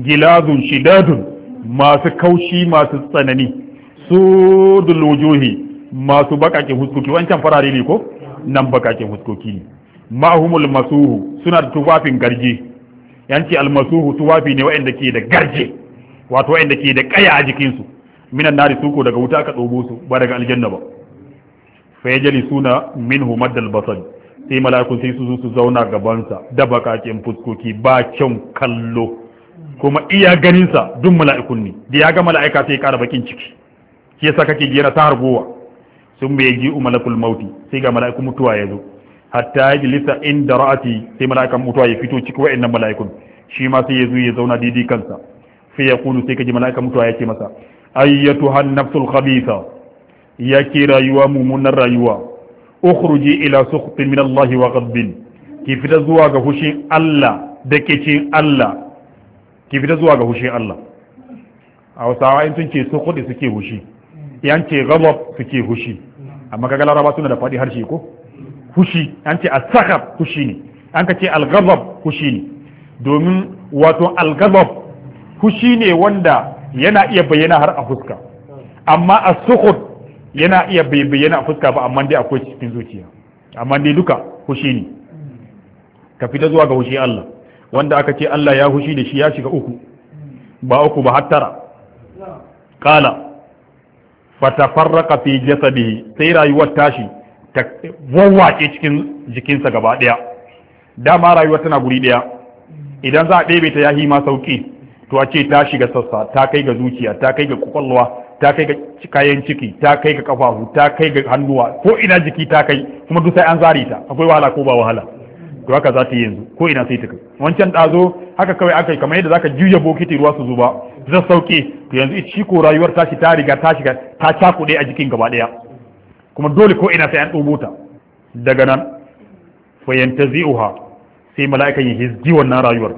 gilazun shidadun masu kaushi masu tsanani sudul wujuhi masu baƙaƙe huskuki wancan farare ne ko nan bakakin huskoki ne ma'ahumul masuhu suna da tufafin garje yanci almasuhu tufafi ne wa'anda ke da garje wato wa'anda ke da kaya a jikinsu minan nari suko daga wuta ka dobo su ba daga aljanna ba fa yajli suna minhu maddal basal sai mala'ikun sai su su zauna gabansa da bakakin fuskoki ba kyan kallo kuma iya ganinsa duk mala'ikun ne da ya ga mala'ika sai ya kara bakin ciki shi yasa kake jira ta gowa. sun bai ji malakul mauti sai ga mala'ikun mutuwa ya zo hatta ya jilisa inda ra'ati sai mala'ikan mutuwa ya fito cikin wa'annan mala'ikun shi ma sai ya ya zauna didi kansa sai ya kulu sai kaji mala'ikan mutuwa ya ce masa ayyatu han nafsul khabitha ya ke rayuwa mummunan rayuwa ukhruji ila sukhtin min Allah wa ghadbin ki fita zuwa ga hushin Allah da kicin Allah ki fita zuwa ga hushin Allah a wasu in sun ce sukhudi suke hushi yan ce ghadab suke hushi amma kaga laraba suna da faɗi harshe ko hushi an ce asakar hushi ne an ka ce algazab hushi ne domin wato algazab hushi ne wanda yana iya bayyana har a fuska amma a sukhut yana iya bayyana a fuska ba amma dai akwai cikin zuciya amma dai duka hushi ne ka fita zuwa ga hushi Allah wanda aka ce Allah ya hushi da shi ya shiga uku ba uku ba har tara qala fatafarraka fi jasadihi sai rayuwar tashi ta wawwace cikin jikinsa gaba daya dama rayuwar tana guri daya idan za a ɗebe ta yahi ma sauki to a ce ta shiga sassa ta kai ga zuciya ta kai ga kwakwalwa ta kai ga kayan ciki ta kai ga kafafu ta kai ga hannuwa ko ina jiki ta kai kuma duk sai an zare ta akwai wahala ko ba wahala to haka za ta yi yanzu ko ina sai ta kai wancan haka kawai aka yi kamar yadda zaka juya bokiti ruwa su zuba zan sauke to yanzu shi ko rayuwar ta tashi ta riga ta shiga ta cakuɗe a jikin gaba ɗaya kuma dole ko ina sai an ɗobo ta daga nan fa yantazi'uha sai mala'ika ya hizgi wannan rayuwar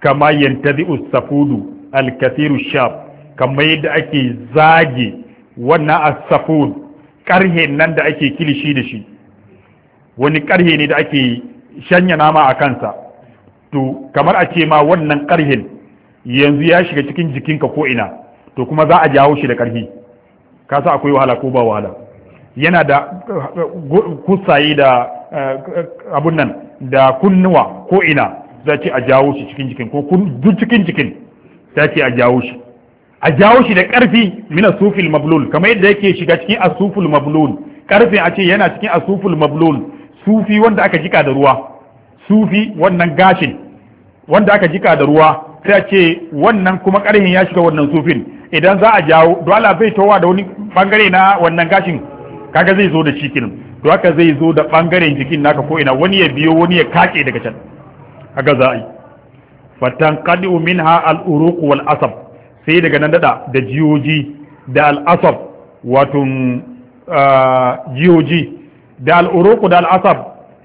kama yantazi'u safudu alkathiru shab kamar yadda ake zage wannan asafud karhe nan da ake kilishi da shi wani karhe ne da ake shanya nama a kansa to kamar a ce ma wannan karhin yanzu ya shiga cikin jikinka ko ina to kuma za a jawo shi da karhi ka sa akwai wahala ko ba wahala yana da eh, kusaye da eh, abun nan da kunnuwa ko ina za ce a jawo shi cikin jikin ko duk cikin jikin za ce a jawo shi a jawo shi da karfi mina sufil mablul kamar yadda yake shiga cikin asuful mablul karfin a ce yana cikin asuful mablul sufi wanda aka jika da ruwa sufi wannan gashin wanda aka jika da ruwa sai ce wannan kuma karhin ya shiga wannan sufin idan za a jawo dole bai towa da wani bangare na wannan gashin kaga zai zo da cikin to haka zai zo da bangaren jikin naka ko ina wani ya biyo wani ya kake daga can haka za a yi fatan qadu minha al-uruq wal asab sai daga nan dada da jiyoji da al-asab wato ah, jiyoji da al'uruku da al'asab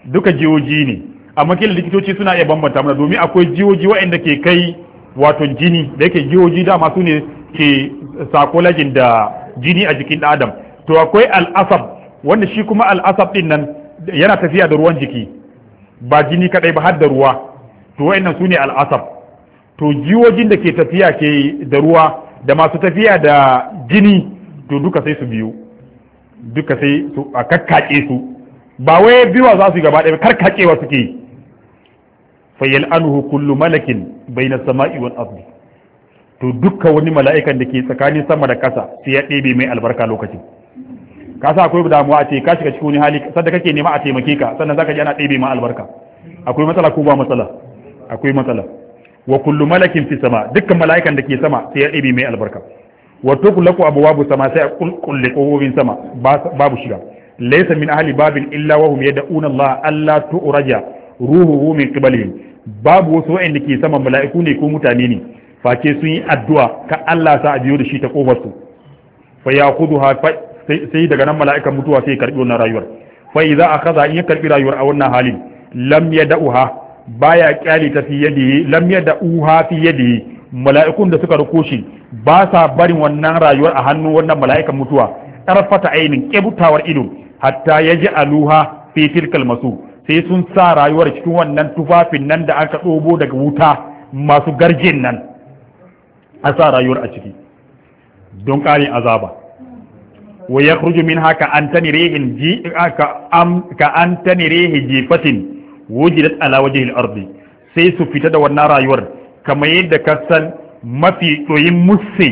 duka jiwoji ne amma kila likitoci suna iya bambanta mana domin akwai jiyoji waɗanda ke kai wato jini da yake jiwoji dama su ne ke sakolajin da jini a jikin adam to akwai al'asab wanda shi kuma al'asab din nan yana tafiya da ruwan jiki ba jini kadai ba har da ruwa to waɗannan su ne al'asab to jiwojin da ke tafiya ke da ruwa da masu tafiya da jini to duka sai su biyu duka sai su a karkake su ba wai biwa za su gaba ɗaya karkakewa suke yi fayyal anuhu kullu malakin na sama'i wani ardi to duka wani mala'ikan da ke tsakanin sama da kasa sai ya ɗebe mai albarka lokacin ka sa akwai damuwa a ce ka shiga cikin wani hali sanda kake nema a taimake ka sannan ka ji ana ɗebe ma albarka akwai matsala ko ba matsala akwai matsala wa kullu malakin fi sama dukkan mala'ikan da ke sama sai ya ɗebe mai albarka wato wa tuqlaqu abwabu sama sai kulli qubin sama babu shiga laysa min ahli babin illa wa hum yad'una Allah alla tu'raja ruhuhu min qibalihim babu wasu wa'anda ke sama mala'iku ko mutane ne face sun yi addu'a ka Allah sa a biyo da shi ta kofar su fa ya'khudha sai daga nan mala'ikan mutuwa sai karbi wannan rayuwar fa idza akhadha in ya karbi rayuwar a wannan halin lam yad'uha baya kyale ta fi mala'ikun da suka rako shi ba sa barin wannan rayuwar a hannun wannan mala'ikan mutuwa karfata ainin ƙebutawar ido hatta ya ji aluha fi tilkal masu sai sun sa rayuwar cikin wannan tufafin nan da aka ɗobo daga wuta masu garjin nan a sa rayuwar a ciki don ƙarin azaba wa ya min haka an tani rehin ji ka an tani rehin jifatin wujidat ala wajhil ardi sai su fita da wannan rayuwar kamar yadda ka san mafi tsoyin musse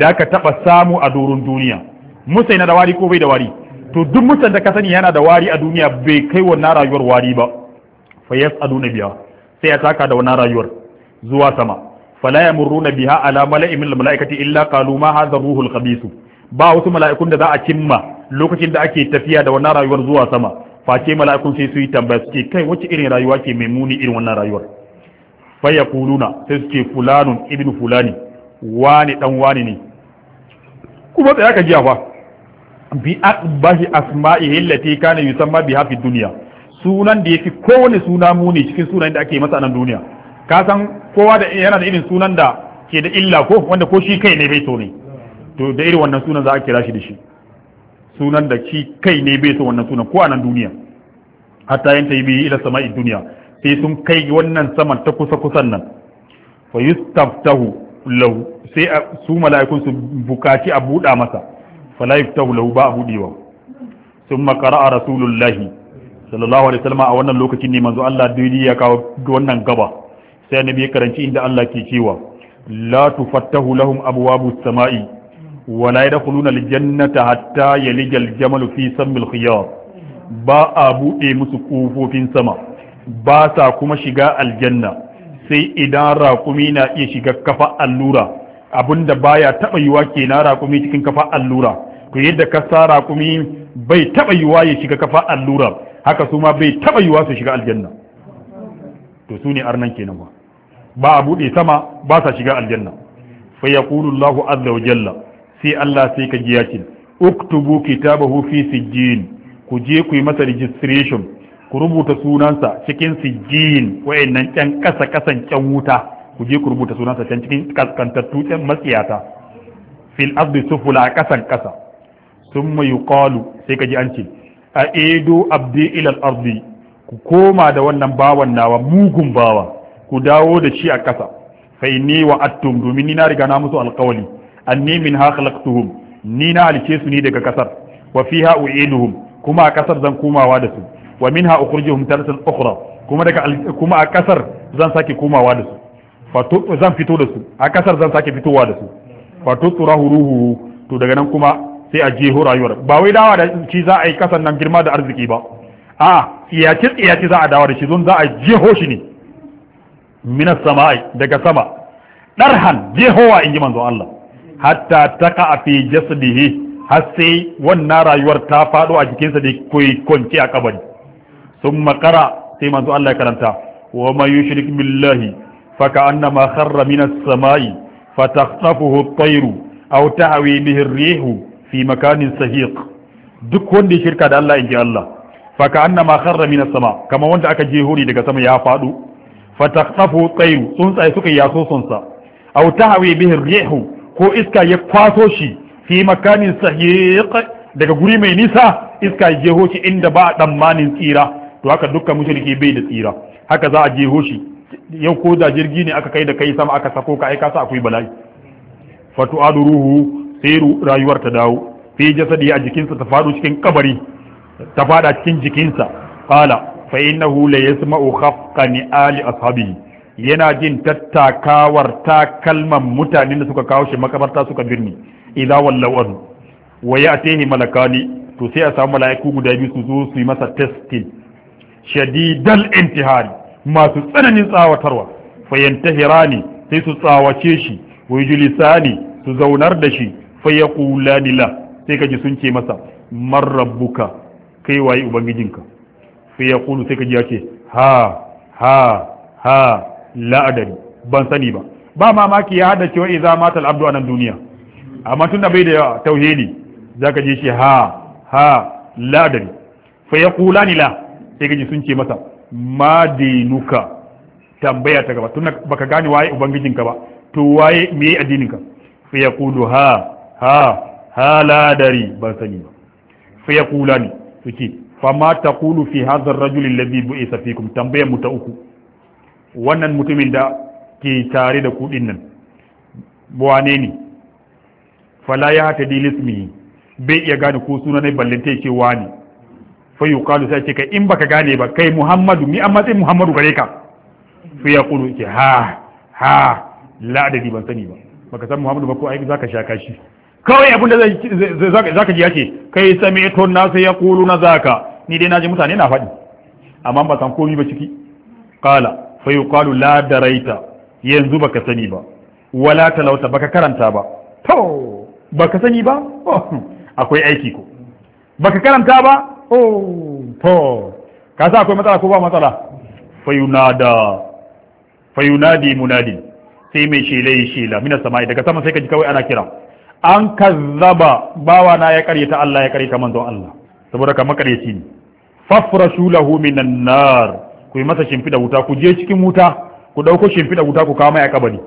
da ka taba samu a doron duniya musse na da wari ko bai da wari to duk musan da ka sani yana da wari a duniya bai kai wannan rayuwar wari ba fa yas'aluna biya sai ya taka da wannan rayuwar zuwa sama fala yamurruna biha ala mala'in min malaikati illa qalu ma hadha ruhul khabith ba wasu mala'ikun da za a cimma lokacin da ake tafiya da wannan rayuwar zuwa sama face mala'ikun sai su yi tambaya suke kai wacce irin rayuwa ke mai muni irin wannan rayuwar faya kuluna sai suke fulanun ibn fulani wani dan wani ne kuma tsaya ka jiya fa bi asbahi asma'i allati kana yusamma biha fi dunya sunan da yafi kowane suna muni cikin sunan da ake masa nan duniya ka san kowa da yana da irin sunan da ke da illa ko wanda ko shi kai ne bai so ne to da irin wannan sunan za a kira shi da shi sunan da shi kai ne bai so wannan sunan ko a nan duniya hatta yanta yi bi ila sama'i duniya sai sun kai wannan saman ta kusa kusan nan fa yustaftahu lahu sai su mala'ikun su bukaci a buɗa masa fa la yuftahu lahu ba a buɗewa thumma qara'a rasulullahi sallallahu alaihi wasallam a wannan lokacin ne manzo Allah dai ya kawo wannan gaba sai annabi ya karanci inda Allah ke cewa la tufattahu lahum abwabu samai wa la yadkhuluna aljannata hatta yalija aljamal fi sammi alkhiyar ba a buɗe musu kofofin sama ba sa kuma shiga aljanna sai idan raƙumi na iya shiga kafa allura abinda baya taɓa yiwa na raƙumi cikin kafa allura to yadda ka sa raƙumi bai taɓa yiwa ya shiga kafa allura haka su ma bai taɓa yiwa su shiga aljanna to su ne arnan kenan ba ba a buɗe sama ba sa shiga aljanna fa yaqulu Allahu azza wa jalla sai Allah sai ka ji yakin uktubu kitabahu fi sijjin ku je ku yi masa registration ku rubuta sunansa cikin sijjin wayannan ƴan ƙasa ƙasan ƴan wuta ku je ku rubuta sunansa can cikin kaskantattu ƴan matsiyata fil ardi sufula a ƙasan ƙasa summa yuqalu sai ka ji an ce a edo abdi ila ardi ku koma da wannan bawan nawa mugun bawa ku dawo da shi a ƙasa fa inni wa attum domin ni na riga na musu alƙawali anni min ha khalaqtuhum ni na halice su ni daga ƙasar wa fiha u'iduhum kuma a ƙasar zan komawa da su wa minha ukhrijuhum taratan ukhra kuma daga kuma a kasar zan sake komawa da su wato zan fito da su a kasar zan sake fitowa da su fato turahu ruhu to daga nan kuma sai a jeho rayuwar ba wai dawa da shi za a yi kasan nan girma da arziki ba a tsiyaci tsiyaci za a dawa da shi zon za a jeho shi ne minas sama'i daga sama darhan jehowa in ji manzo Allah hatta taka fi jasadihi har sai wannan rayuwar ta faɗo a jikinsa da kwance a kabari makara. Allah ya ثم قرأ سيما الله كرنتا وما يشرك makarra mina خر من السماء فتخطفه الطير أو تعوي به الريح في مكان سهيق duk wanda ya shirka da Allah in ji Allah fa ka annama kharra min sama kamar wanda aka je hori daga sama ya fadu fa taqtafu tayr tsuntsaye suka yaso sonsa aw tahwi bihi rihu ko iska ya kwaso shi fi makanin sahiq daga guri mai nisa iska ya jeho shi inda ba a tsammanin tsira to haka dukkan mushriki bai da tsira haka za a jeho shi yau ko da jirgi ne aka kai da kai sama aka sako ka aika sa akwai bala'i fatu aduruhu sai rayuwar ta dawo fi jasadi a jikinsa ta faɗo cikin kabari ta faɗa cikin jikinsa qala fa innahu la yasma'u khafqani ali ashabihi yana jin tattakawar takalman mutanen da suka kawo shi makabarta suka birni idza wallau an wa ya'tihi malakani to sai a samu mala'iku guda biyu su zo su yi masa testing shadidal intihari masu tsananin tsawatarwa ne sai su tsawace shi wa yujlisani su zaunar da shi fayaqulani la sai kaji sun ce masa man rabbuka kai waye ubangijinka fayaqulu sai kaji ya ce ha ha ha la'adari ban sani ba ba mamaki ya hada cewa idza mata al a nan duniya amma tun tunda bai da tauhidi za ka ji shi ha ha la'adari adari fayaqulani sai gaji sun ce masa madinuka dinuka tambaya ta gaba tun baka gane waye ubangijinka ba to waye me addininka fa yaqulu ha ha haladari ban sani ba fa yaqulani suke fama taqulu fi hadha labi bu isa fi fikum tambayar mu ta uku wannan mutumin da ke tare da kudin nan wane ne fala ya hata dilismi bai iya gane ko suna na ballanta ya ce wani fa yuqalu sai ce kai in baka gane ba kai muhammadu mi amma sai muhammadu gare ka fa yaqulu ce ha ha la adadi ban sani ba baka san muhammadu ba ko ai zaka sha kashi kawai abin da zai zaka ji ce kai sami'tu nasu yaquluna zaka ni dai naji mutane na faɗi amma ba san komai ba ciki qala fa yuqalu la daraita yanzu baka sani ba wala talauta baka karanta ba to baka sani ba oh, akwai aiki ko baka karanta ba oh to ka akwai matsala ko ba matsala fayunada fayunadi munadi sai mai shela ya shela mina sama'i daga sama sai ka ji kawai ana kira an kazzaba bawa na ya karyata Allah ya karyata manzon Allah saboda ka makaryaci ne fafrashu lahu minan nar ku yi masa shimfida wuta ku je cikin wuta ku dauko shimfida wuta ku kama ya kabari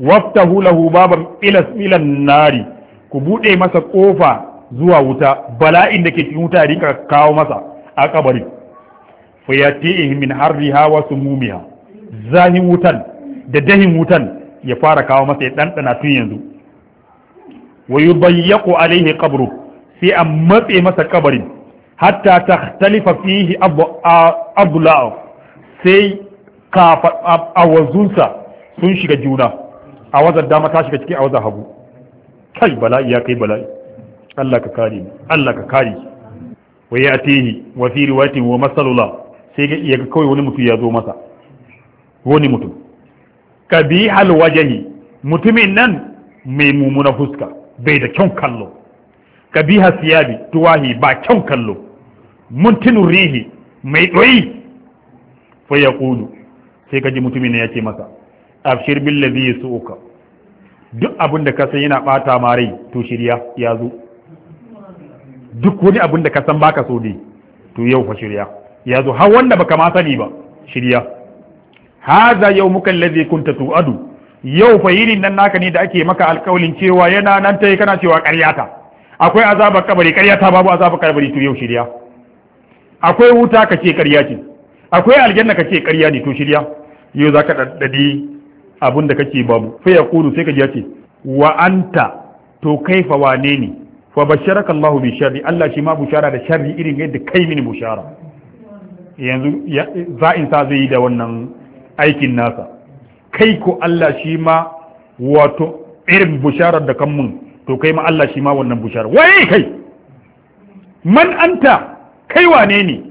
waftahu lahu baban ilas ilan nari ku bude masa kofa zuwa wuta bala'in da ke cikin wuta ya rinka kawo masa a kabari fa yatihi min harriha wa sumumiha zahin wutan da dahin wutan ya fara kawo masa ya ɗanɗana tun yanzu wa yudayyaqu alaihi qabru sai an matse masa kabarin hatta takhtalifa fihi Abdullahi sai kafa wazunsa sun shiga juna a wazar dama ta shiga cikin wazar hagu kai bala'i ya kai bala'i Allah ka kare ni Allah ka kare wa yatihi wa fi riwayatin wa masalula sai ga iya kawai wani mutum ya zo masa wani mutum kabihal wajahi mutumin nan mai mumuna fuska bai da kyon kallo kabiha siyabi tuwahi ba kyon kallo muntinu rihi mai ɗoyi fa ya sai ka ji mutumin nan ya masa afshir billazi su'uka duk abin da ka san yana ɓata mare to shirya ya zo duk wani abin da ka san baka so ne. to yau fa shirya ya zo har wanda baka ma sani ba shirya hadha yawmuka alladhi kunta tu'adu yau fa yirin nan naka ne da ake maka alƙawalin cewa yana nan yi kana cewa ƙaryata akwai azaba kabari ƙaryata babu azaba kabari to yau shirya akwai wuta ka ce ƙarya ce akwai aljanna ka ce ƙarya ne to shirya yau zaka daddadi abin da kake babu fa yaqulu sai ka ji ce wa anta to kaifa wane ne fa basharaka Allahu bi sharri Allah shi ma bushara da sharri irin yadda kai mini bushara yanzu za in sa zai yi da wannan aikin nasa kai ko Allah shi ma wato irin busharar da kan mun to kai ma Allah shi ma wannan bushara waye kai man anta kai wane ne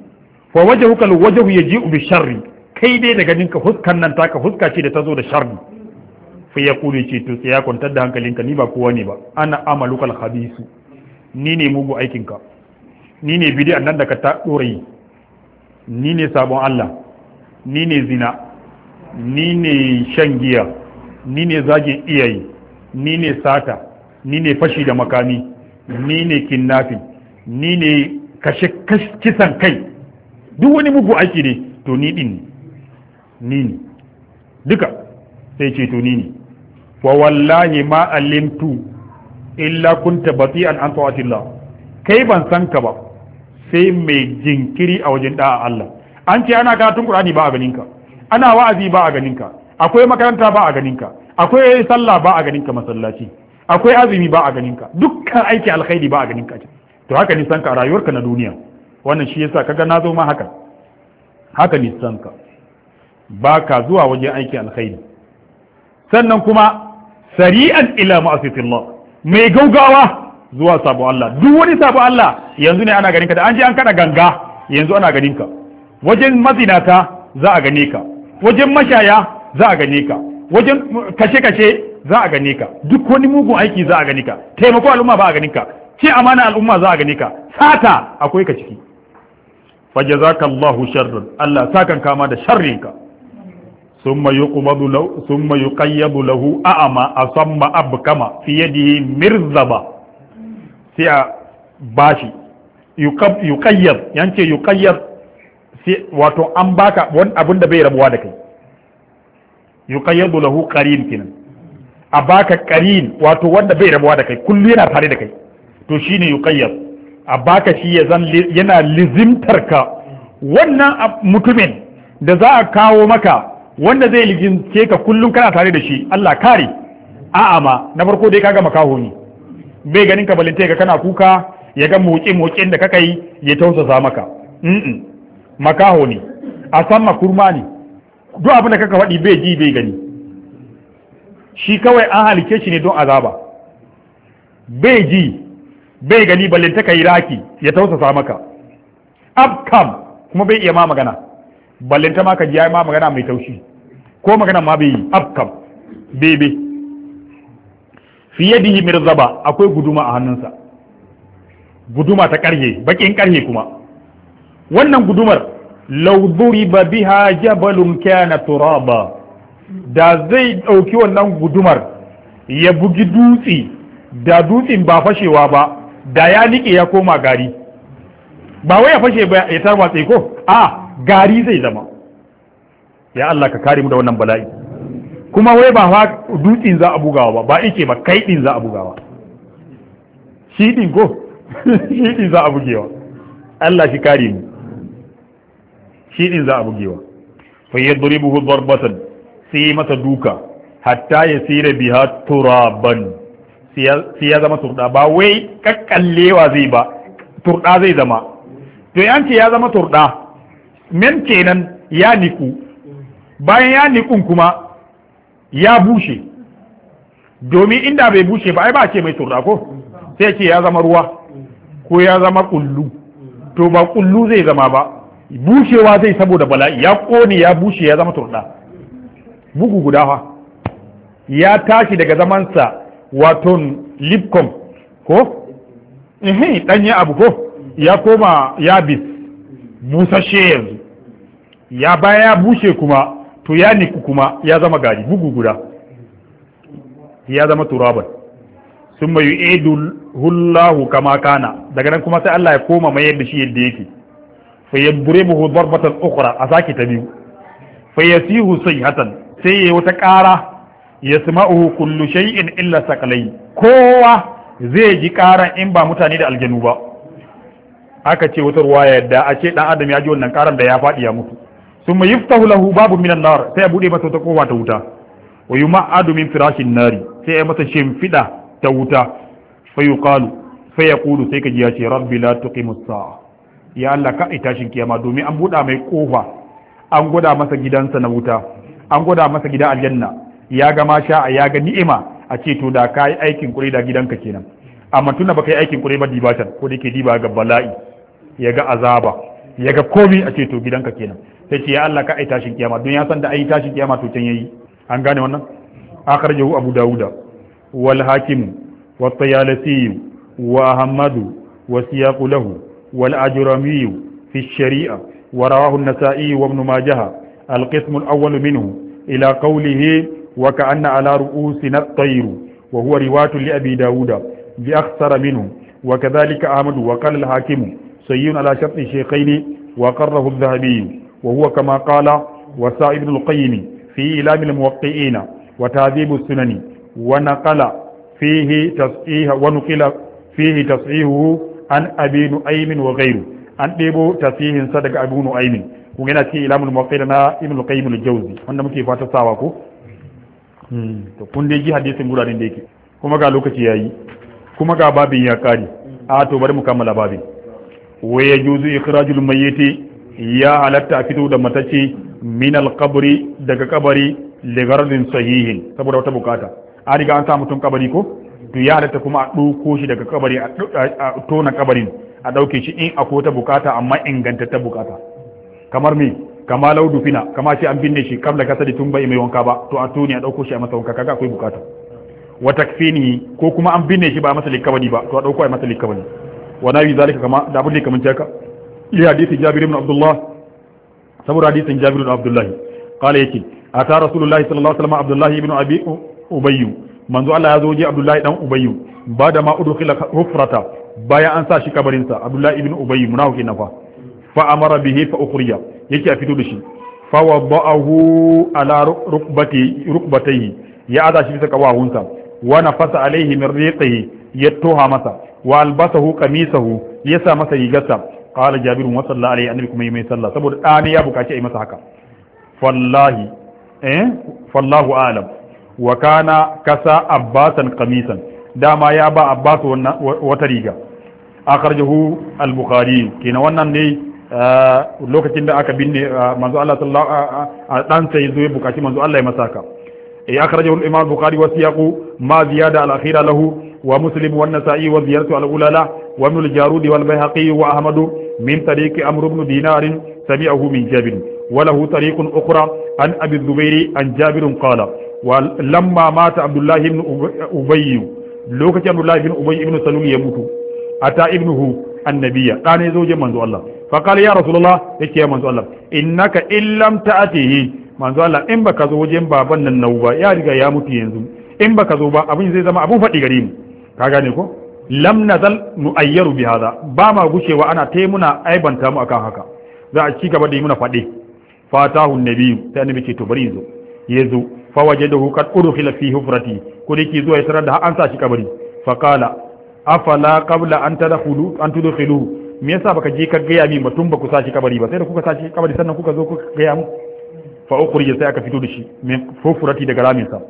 fa wajhuka alwajhu yaji'u bi sharri kai dai daga ninka huskan nan taka huska ce da ta zo da sharri fa yaqulu ce to sai ya kwantar da hankalinka ni ba kowa ne ba ana amaluka alkhabisu ni ne mugu aikinka ni ne bidiyar nan da ka ta ɗora yi ni ne sabon Allah ni ne zina ni ne shan giya ni ne zagin iyaye ni ne sata ni ne fashi da makami ni ne kinnafi ni ne kashe kisan kai duk wani mugu aiki ne to ni din ni ne duka sai ce to ni ne wa wallahi ma alimtu illa kunta bati'an an ta'atillah kai ban san ka ba sai mai jinkiri a wajen da'a Allah an ce ana karatun Qur'ani ba a ganinka. ana wa'azi ba a ganinka. akwai makaranta ba a ganinka. akwai sallah ba a ganinka masallaci akwai azumi ba a ganinka. dukkan aiki alkhairi ba a ganinka. to haka nisan ka a rayuwarka na duniya wannan shi yasa kaga na zo ma haka haka nisan ka ba ka zuwa wajen aiki alkhairi sannan kuma sari'an ila ma'asitillah mai gaugawa zuwa sabon Allah duk wani sabo Allah yanzu ne ana ganin ka da an je an kada ganga yanzu ana ganin ka wajen mazinata za a gane ka wajen mashaya za a gane ka wajen kashe kashe za a gane ka duk wani mugun aiki za a gane ka taimako al'umma ba a gane ka ce amana al'umma za a gane ka sata akwai ka ciki fajazakallahu sharrun Allah sakan kama da sharrinka ثم يقبض له ثم يقيد له أعمى أصم أبكم في يده مرزبة سي باشي يقيد يعني يقيد sai wato an baka wani da bai rabuwa da kai yuqayyadu lahu qarin kinan a baka qarin wato wanda bai rabuwa da kai kullu yana tare da kai to shine yuqayyad a baka shi yana lizimtar ka wannan mutumin da za a kawo maka wanda zai ce ka kullum kana tare da shi Allah kare a'a ma na farko dai kaga makaho ne bai ganin ka balinta ga kana kuka ya ga moƙe moƙen da kaka yi ya tausasa maka makaho ne a san makurma ne duk abin da kaka faɗi bai ji bai gani shi kawai an halice shi ne don azaba bai ji bai gani balinta ka raki ya tausasa maka abkam kuma bai iya ma magana ballinta ma ka ji ma magana mai taushi ko magana ma bai afkam bebe fi yadihi mirzaba akwai guduma a hannunsa guduma ta karhe bakin karhe kuma wannan gudumar lauduri ba biha jabalun kana turaba da zai ɗauki wannan gudumar ya bugi dutse da dutsen ba fashewa ba da ya nike ya koma gari ba wai ya fashe ba ya tarwatse ko a gari zai zama ya Allah ka kare mu da wannan bala'i kuma wai ba fa dutsin za a bugawa ba ba ike ba kai din za a bugawa shi din ko shi din za a bugewa Allah shi kare mu shi din za a bugewa fa yadribuhu darbatan sai mata duka hatta yasira biha turaban sai ya zama turda ba wai kakkallewa zai ba turda zai zama to yanci ya zama turda men kenan ya niku bayan ya nikun kuma ya bushe domin inda bai bushe ba ai ba ce mai turako sai ce ya zama ruwa ko ya zama kullu to ba kullu zai zama ba bushewa zai saboda bala'i ya kone ya bushe ya zama turda bugu guda fa ya tashi daga zamansa waton lipcom ko ɗanye abu ko ya koma ya bis busashe yanzu ya baya ya bushe kuma to ya niku kuma ya zama gari bugu guda ya zama turaban sun mai edu hullahu kama kana daga nan kuma sai Allah ya koma mai yadda shi yadda yake fa yadribuhu darbatan ukhra a sake ta biyu fa yasihu sayhatan sai yi wata ƙara yasma'uhu kullu shay'in illa sakalai. kowa zai ji ƙaran in ba mutane da aljanu ba aka ce wata ya yadda a ce ɗan adam ya ji wannan ƙaran da ya faɗi ya mutu thumma yuftahu lahu babu minan nar sai a bude masa ta kowa ta wuta wa yuma'adu min firashin nari sai ya masa shimfiɗa ta wuta fa yuqalu fa yaqulu sai kaji ya ce rabbi la tuqimus sa'a ya Allah ka ita shin kiyama domin an buda mai kofa an gwada masa gidansa na wuta an gwada masa gida aljanna ya ga masha ya ga ni'ima a ce to da ka yi aikin kure da gidanka kenan amma tun da baka yi aikin kure ba dibatan ko da yake diba ga bala'i ya ga azaba ya ga komai a ce to gidanka kenan sai ce ya Allah ka ai tashin kiyama don ya san da ai tashin kiyama to can yayi an gane wannan akhrajahu abu dauda wal hakim wa tayalisi wa ahmadu wa siyaqu lahu wal ajrami fi sharia wa rawahu an-nasa'i wa ibn majah al-qism al-awwal minhu ila qawlihi wa ka'anna ala ru'usina at-tayr wa huwa riwayatu li abi dauda bi akthara minhu wa أحمد وقال الحاكم سيئ على شرط الشيخين وقره الذهبي وهو كما قال وسعى ابن القيم في إيلام الموقعين وتهذيب السنن ونقل فيه تصحيح ونقل فيه تصحيحه عن أبي نعيم وغيره an debo tasirinsa daga abu nu'aimin kun yana cikin ilamul mawaqil na ibn al-qayyim al-jawzi wanda muke fata sawa ko kuma ga lokaci yayi kuma ga babin ya kare a to bari mu kammala babin wa yajuzu ikhrajul mayyiti ya halatta a fito da matace min alkabari daga kabari ligaradin sahihin saboda wata bukata an riga an sa mutum kabari ko to ya halatta kuma a ɗauko shi daga kabari a tona kabarin a ɗauke shi in akwai wata bukata amma ingantatta bukata kamar me kama laudu fina kama ce an binne shi kabla kasa da tun bai mai wanka ba to a tuni a ɗauko shi a masa wanka kaga akwai bukata wa takfini ko kuma an binne shi ba masa likabani ba to a ɗauko a masa likabani wa nawi zalika kama da abin da kamar jaka? li hadithin jabir ibn abdullah saboda hadithin jabir ibn abdullah qala yake ata rasulullahi sallallahu alaihi wasallam ibn abi ubayy manzo Allah ya zo je abdullah dan ubayy ba da ma udkhila hufrata bayan an sa shi kabarin sa abdullah ibn ubayy munafiki nafa fa amara bihi fa ukhriya yake a fito da shi fa wada'ahu ala rukbati ya aza shi bisa kawahunsa wa nafasa alaihi min riqihi ya toha masa wa albasahu qamisahu ya sa masa rigarsa qala jabir wa sallallahu alaihi annabi kuma yi mai sallah saboda ya bukaci a yi masa haka wallahi kasa abbasan qamisan dama ya ba abbas wata riga wannan ne lokacin da aka binne manzo Allah sallallahu a dan sai zo bukaci manzo Allah ya masaka e akhrajahu al-imam bukhari wa siyaqu ma ziyada al-akhira lahu wa muslim wa an-nasa'i wa ziyaratu al-ulala wa ibn al-jarudi wal bayhaqi wa ahmadu من طريق عمرو بن دينار سمعه من جابر وله طريق أخرى عن أبي الزبير عن جابر قال ولما مات عبد الله بن أبي لوكة عبد الله بن أبي بن سلول يموت أتى ابنه النبي قال زوج منذ الله فقال يا رسول الله يكي يا منذ الله إنك إن لم تأتيه منذ الله إن بك زوج بابا النوبة يا رجا يا متي ينزو in baka zo ba abin zai zama abun faɗi gare mu ka gane ko lam nazal nu'ayyaru bi hadha ba ma gushewa ana tai muna aibanta mu akan haka za a ci gaba da yi muna faɗi. fatahu nabiyyu sai annabi ce to bari zo yazo fa wajadahu qad urkhila fi hufrati ko dake zuwa ya tarar da an sa shi kabari fa qala afala qabla an tadkhulu an tudkhilu me yasa baka je ka gaya min batun ba ku sa shi kabari ba sai da kuka sa shi kabari sannan kuka zo kuka gaya mu fa ukhrija sai aka fito da shi min hufrati daga ramin sa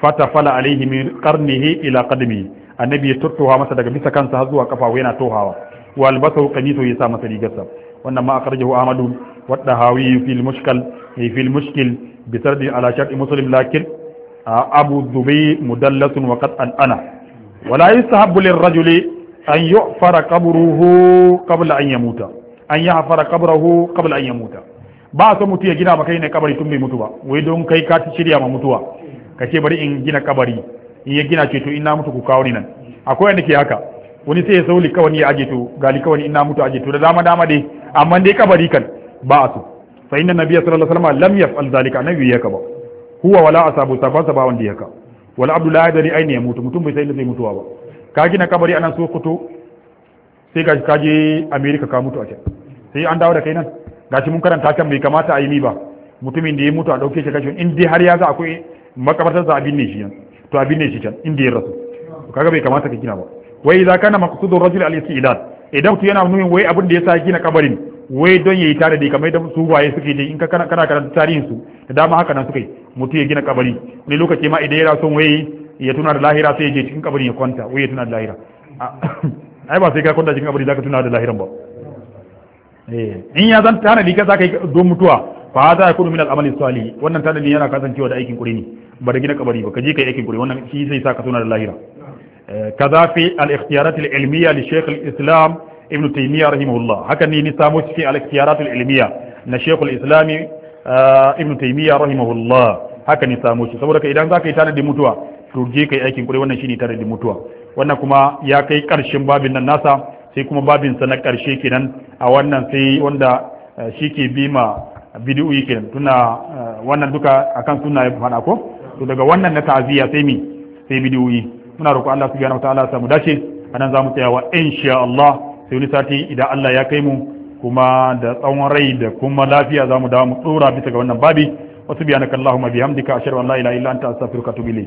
fata fala alaihi min qarnihi ila qadmihi annabi ya tuttoha masa daga bisa kansa har zuwa kafa yana tohawa wa albasahu qamisu yasa masa rigarsa wannan ma akhrajahu ahmadu wa dahawi fil mushkal eh, fil mushkil bi sardi ala shart muslim lakin abu dhubi mudallas wa qad ana wa la yustahabbu lirrajuli an yu'fara qabruhu qabla an yamuta an yahfara qabruhu qabla an yamuta ba so mutu ya gina kai ne kabari tun bai mutu ba wai don kai ka shirya ma mutuwa kace bari in gina kabari in ya gina ce to ina mutu ku kawo ni nan akwai wanda ke haka wani sai ya sauli kawani ya aje to gali kawani ina mutu aje to da dama dama dai amma dai kabari kan ba a so fa inna nabiyya sallallahu alaihi wasallam lam yaf'al zalika annabi yaka ba huwa wala asabu sabansa ba wanda yaka wala abdullahi dari aini ya mutu mutum bai sai da zai mutuwa ba ka gina kabari anan so kuto sai gashi ka je america ka mutu a can sai an dawo da kai nan gashi mun karanta kan bai kamata a yi ni ba mutumin da ya mutu a dauke shi kashin in dai har ya za akwai makabartar za a binne shi yanzu to abin ne shi can inda ya rasu kaga bai kamata ka gina ba wai idan kana maqsudur rajul al istidad idan mutum yana nuni wai abin da ya sa gina kabarin wai don yayi tare da kamar da su waye suke da in ka kana kana karanta tarihin su da dama haka nan suke mutum ya gina kabari ne lokaci ma idan yana son wai ya tuna da lahira sai ya je cikin kabarin ya kwanta wai ya tuna da lahira ai ba sai ka kwanta cikin kabari zaka tuna da lahiran ba eh in ya zan tana lika ka yi don mutuwa fa za ya kudu min al'amali salih wannan tanadi yana kasancewa da aikin kuri ne ba da gina kabari ba ka je ka yi aikin kuri wannan shi sai sa ka tuna da lahira eh, kaza fi al-ikhtiyarat al-ilmiya li shaykh al-islam ibn taymiyyah rahimahullah haka ne ni samu fi al-ikhtiyarat al-ilmiya na shaykh al-islam ibn taymiyyah rahimahullah haka ni samu eh, shi saboda idan zaka yi tanadin mutuwa to je kai aikin kuri wannan shine tanadin mutuwa wannan kuma ya kai karshen babin nan nasa sai kuma babin sa na karshe kenan a wannan sai wanda eh, shi ke bima bidi'u kenan tuna eh, wannan duka akan sunna ya fada ko to daga wannan na ta'ziya sai mi sai bidi'u muna roƙo Allah subhanahu wataala samu dace anan zamu tsaya wa insha Allah sai wani sati idan Allah ya kai mu kuma da tsawon rai da kuma lafiya zamu dawo mu tsura bisa ga wannan babi wa subhanaka allahumma bihamdika ashhadu an la ilaha illa anta astaghfiruka wa atubu ilayk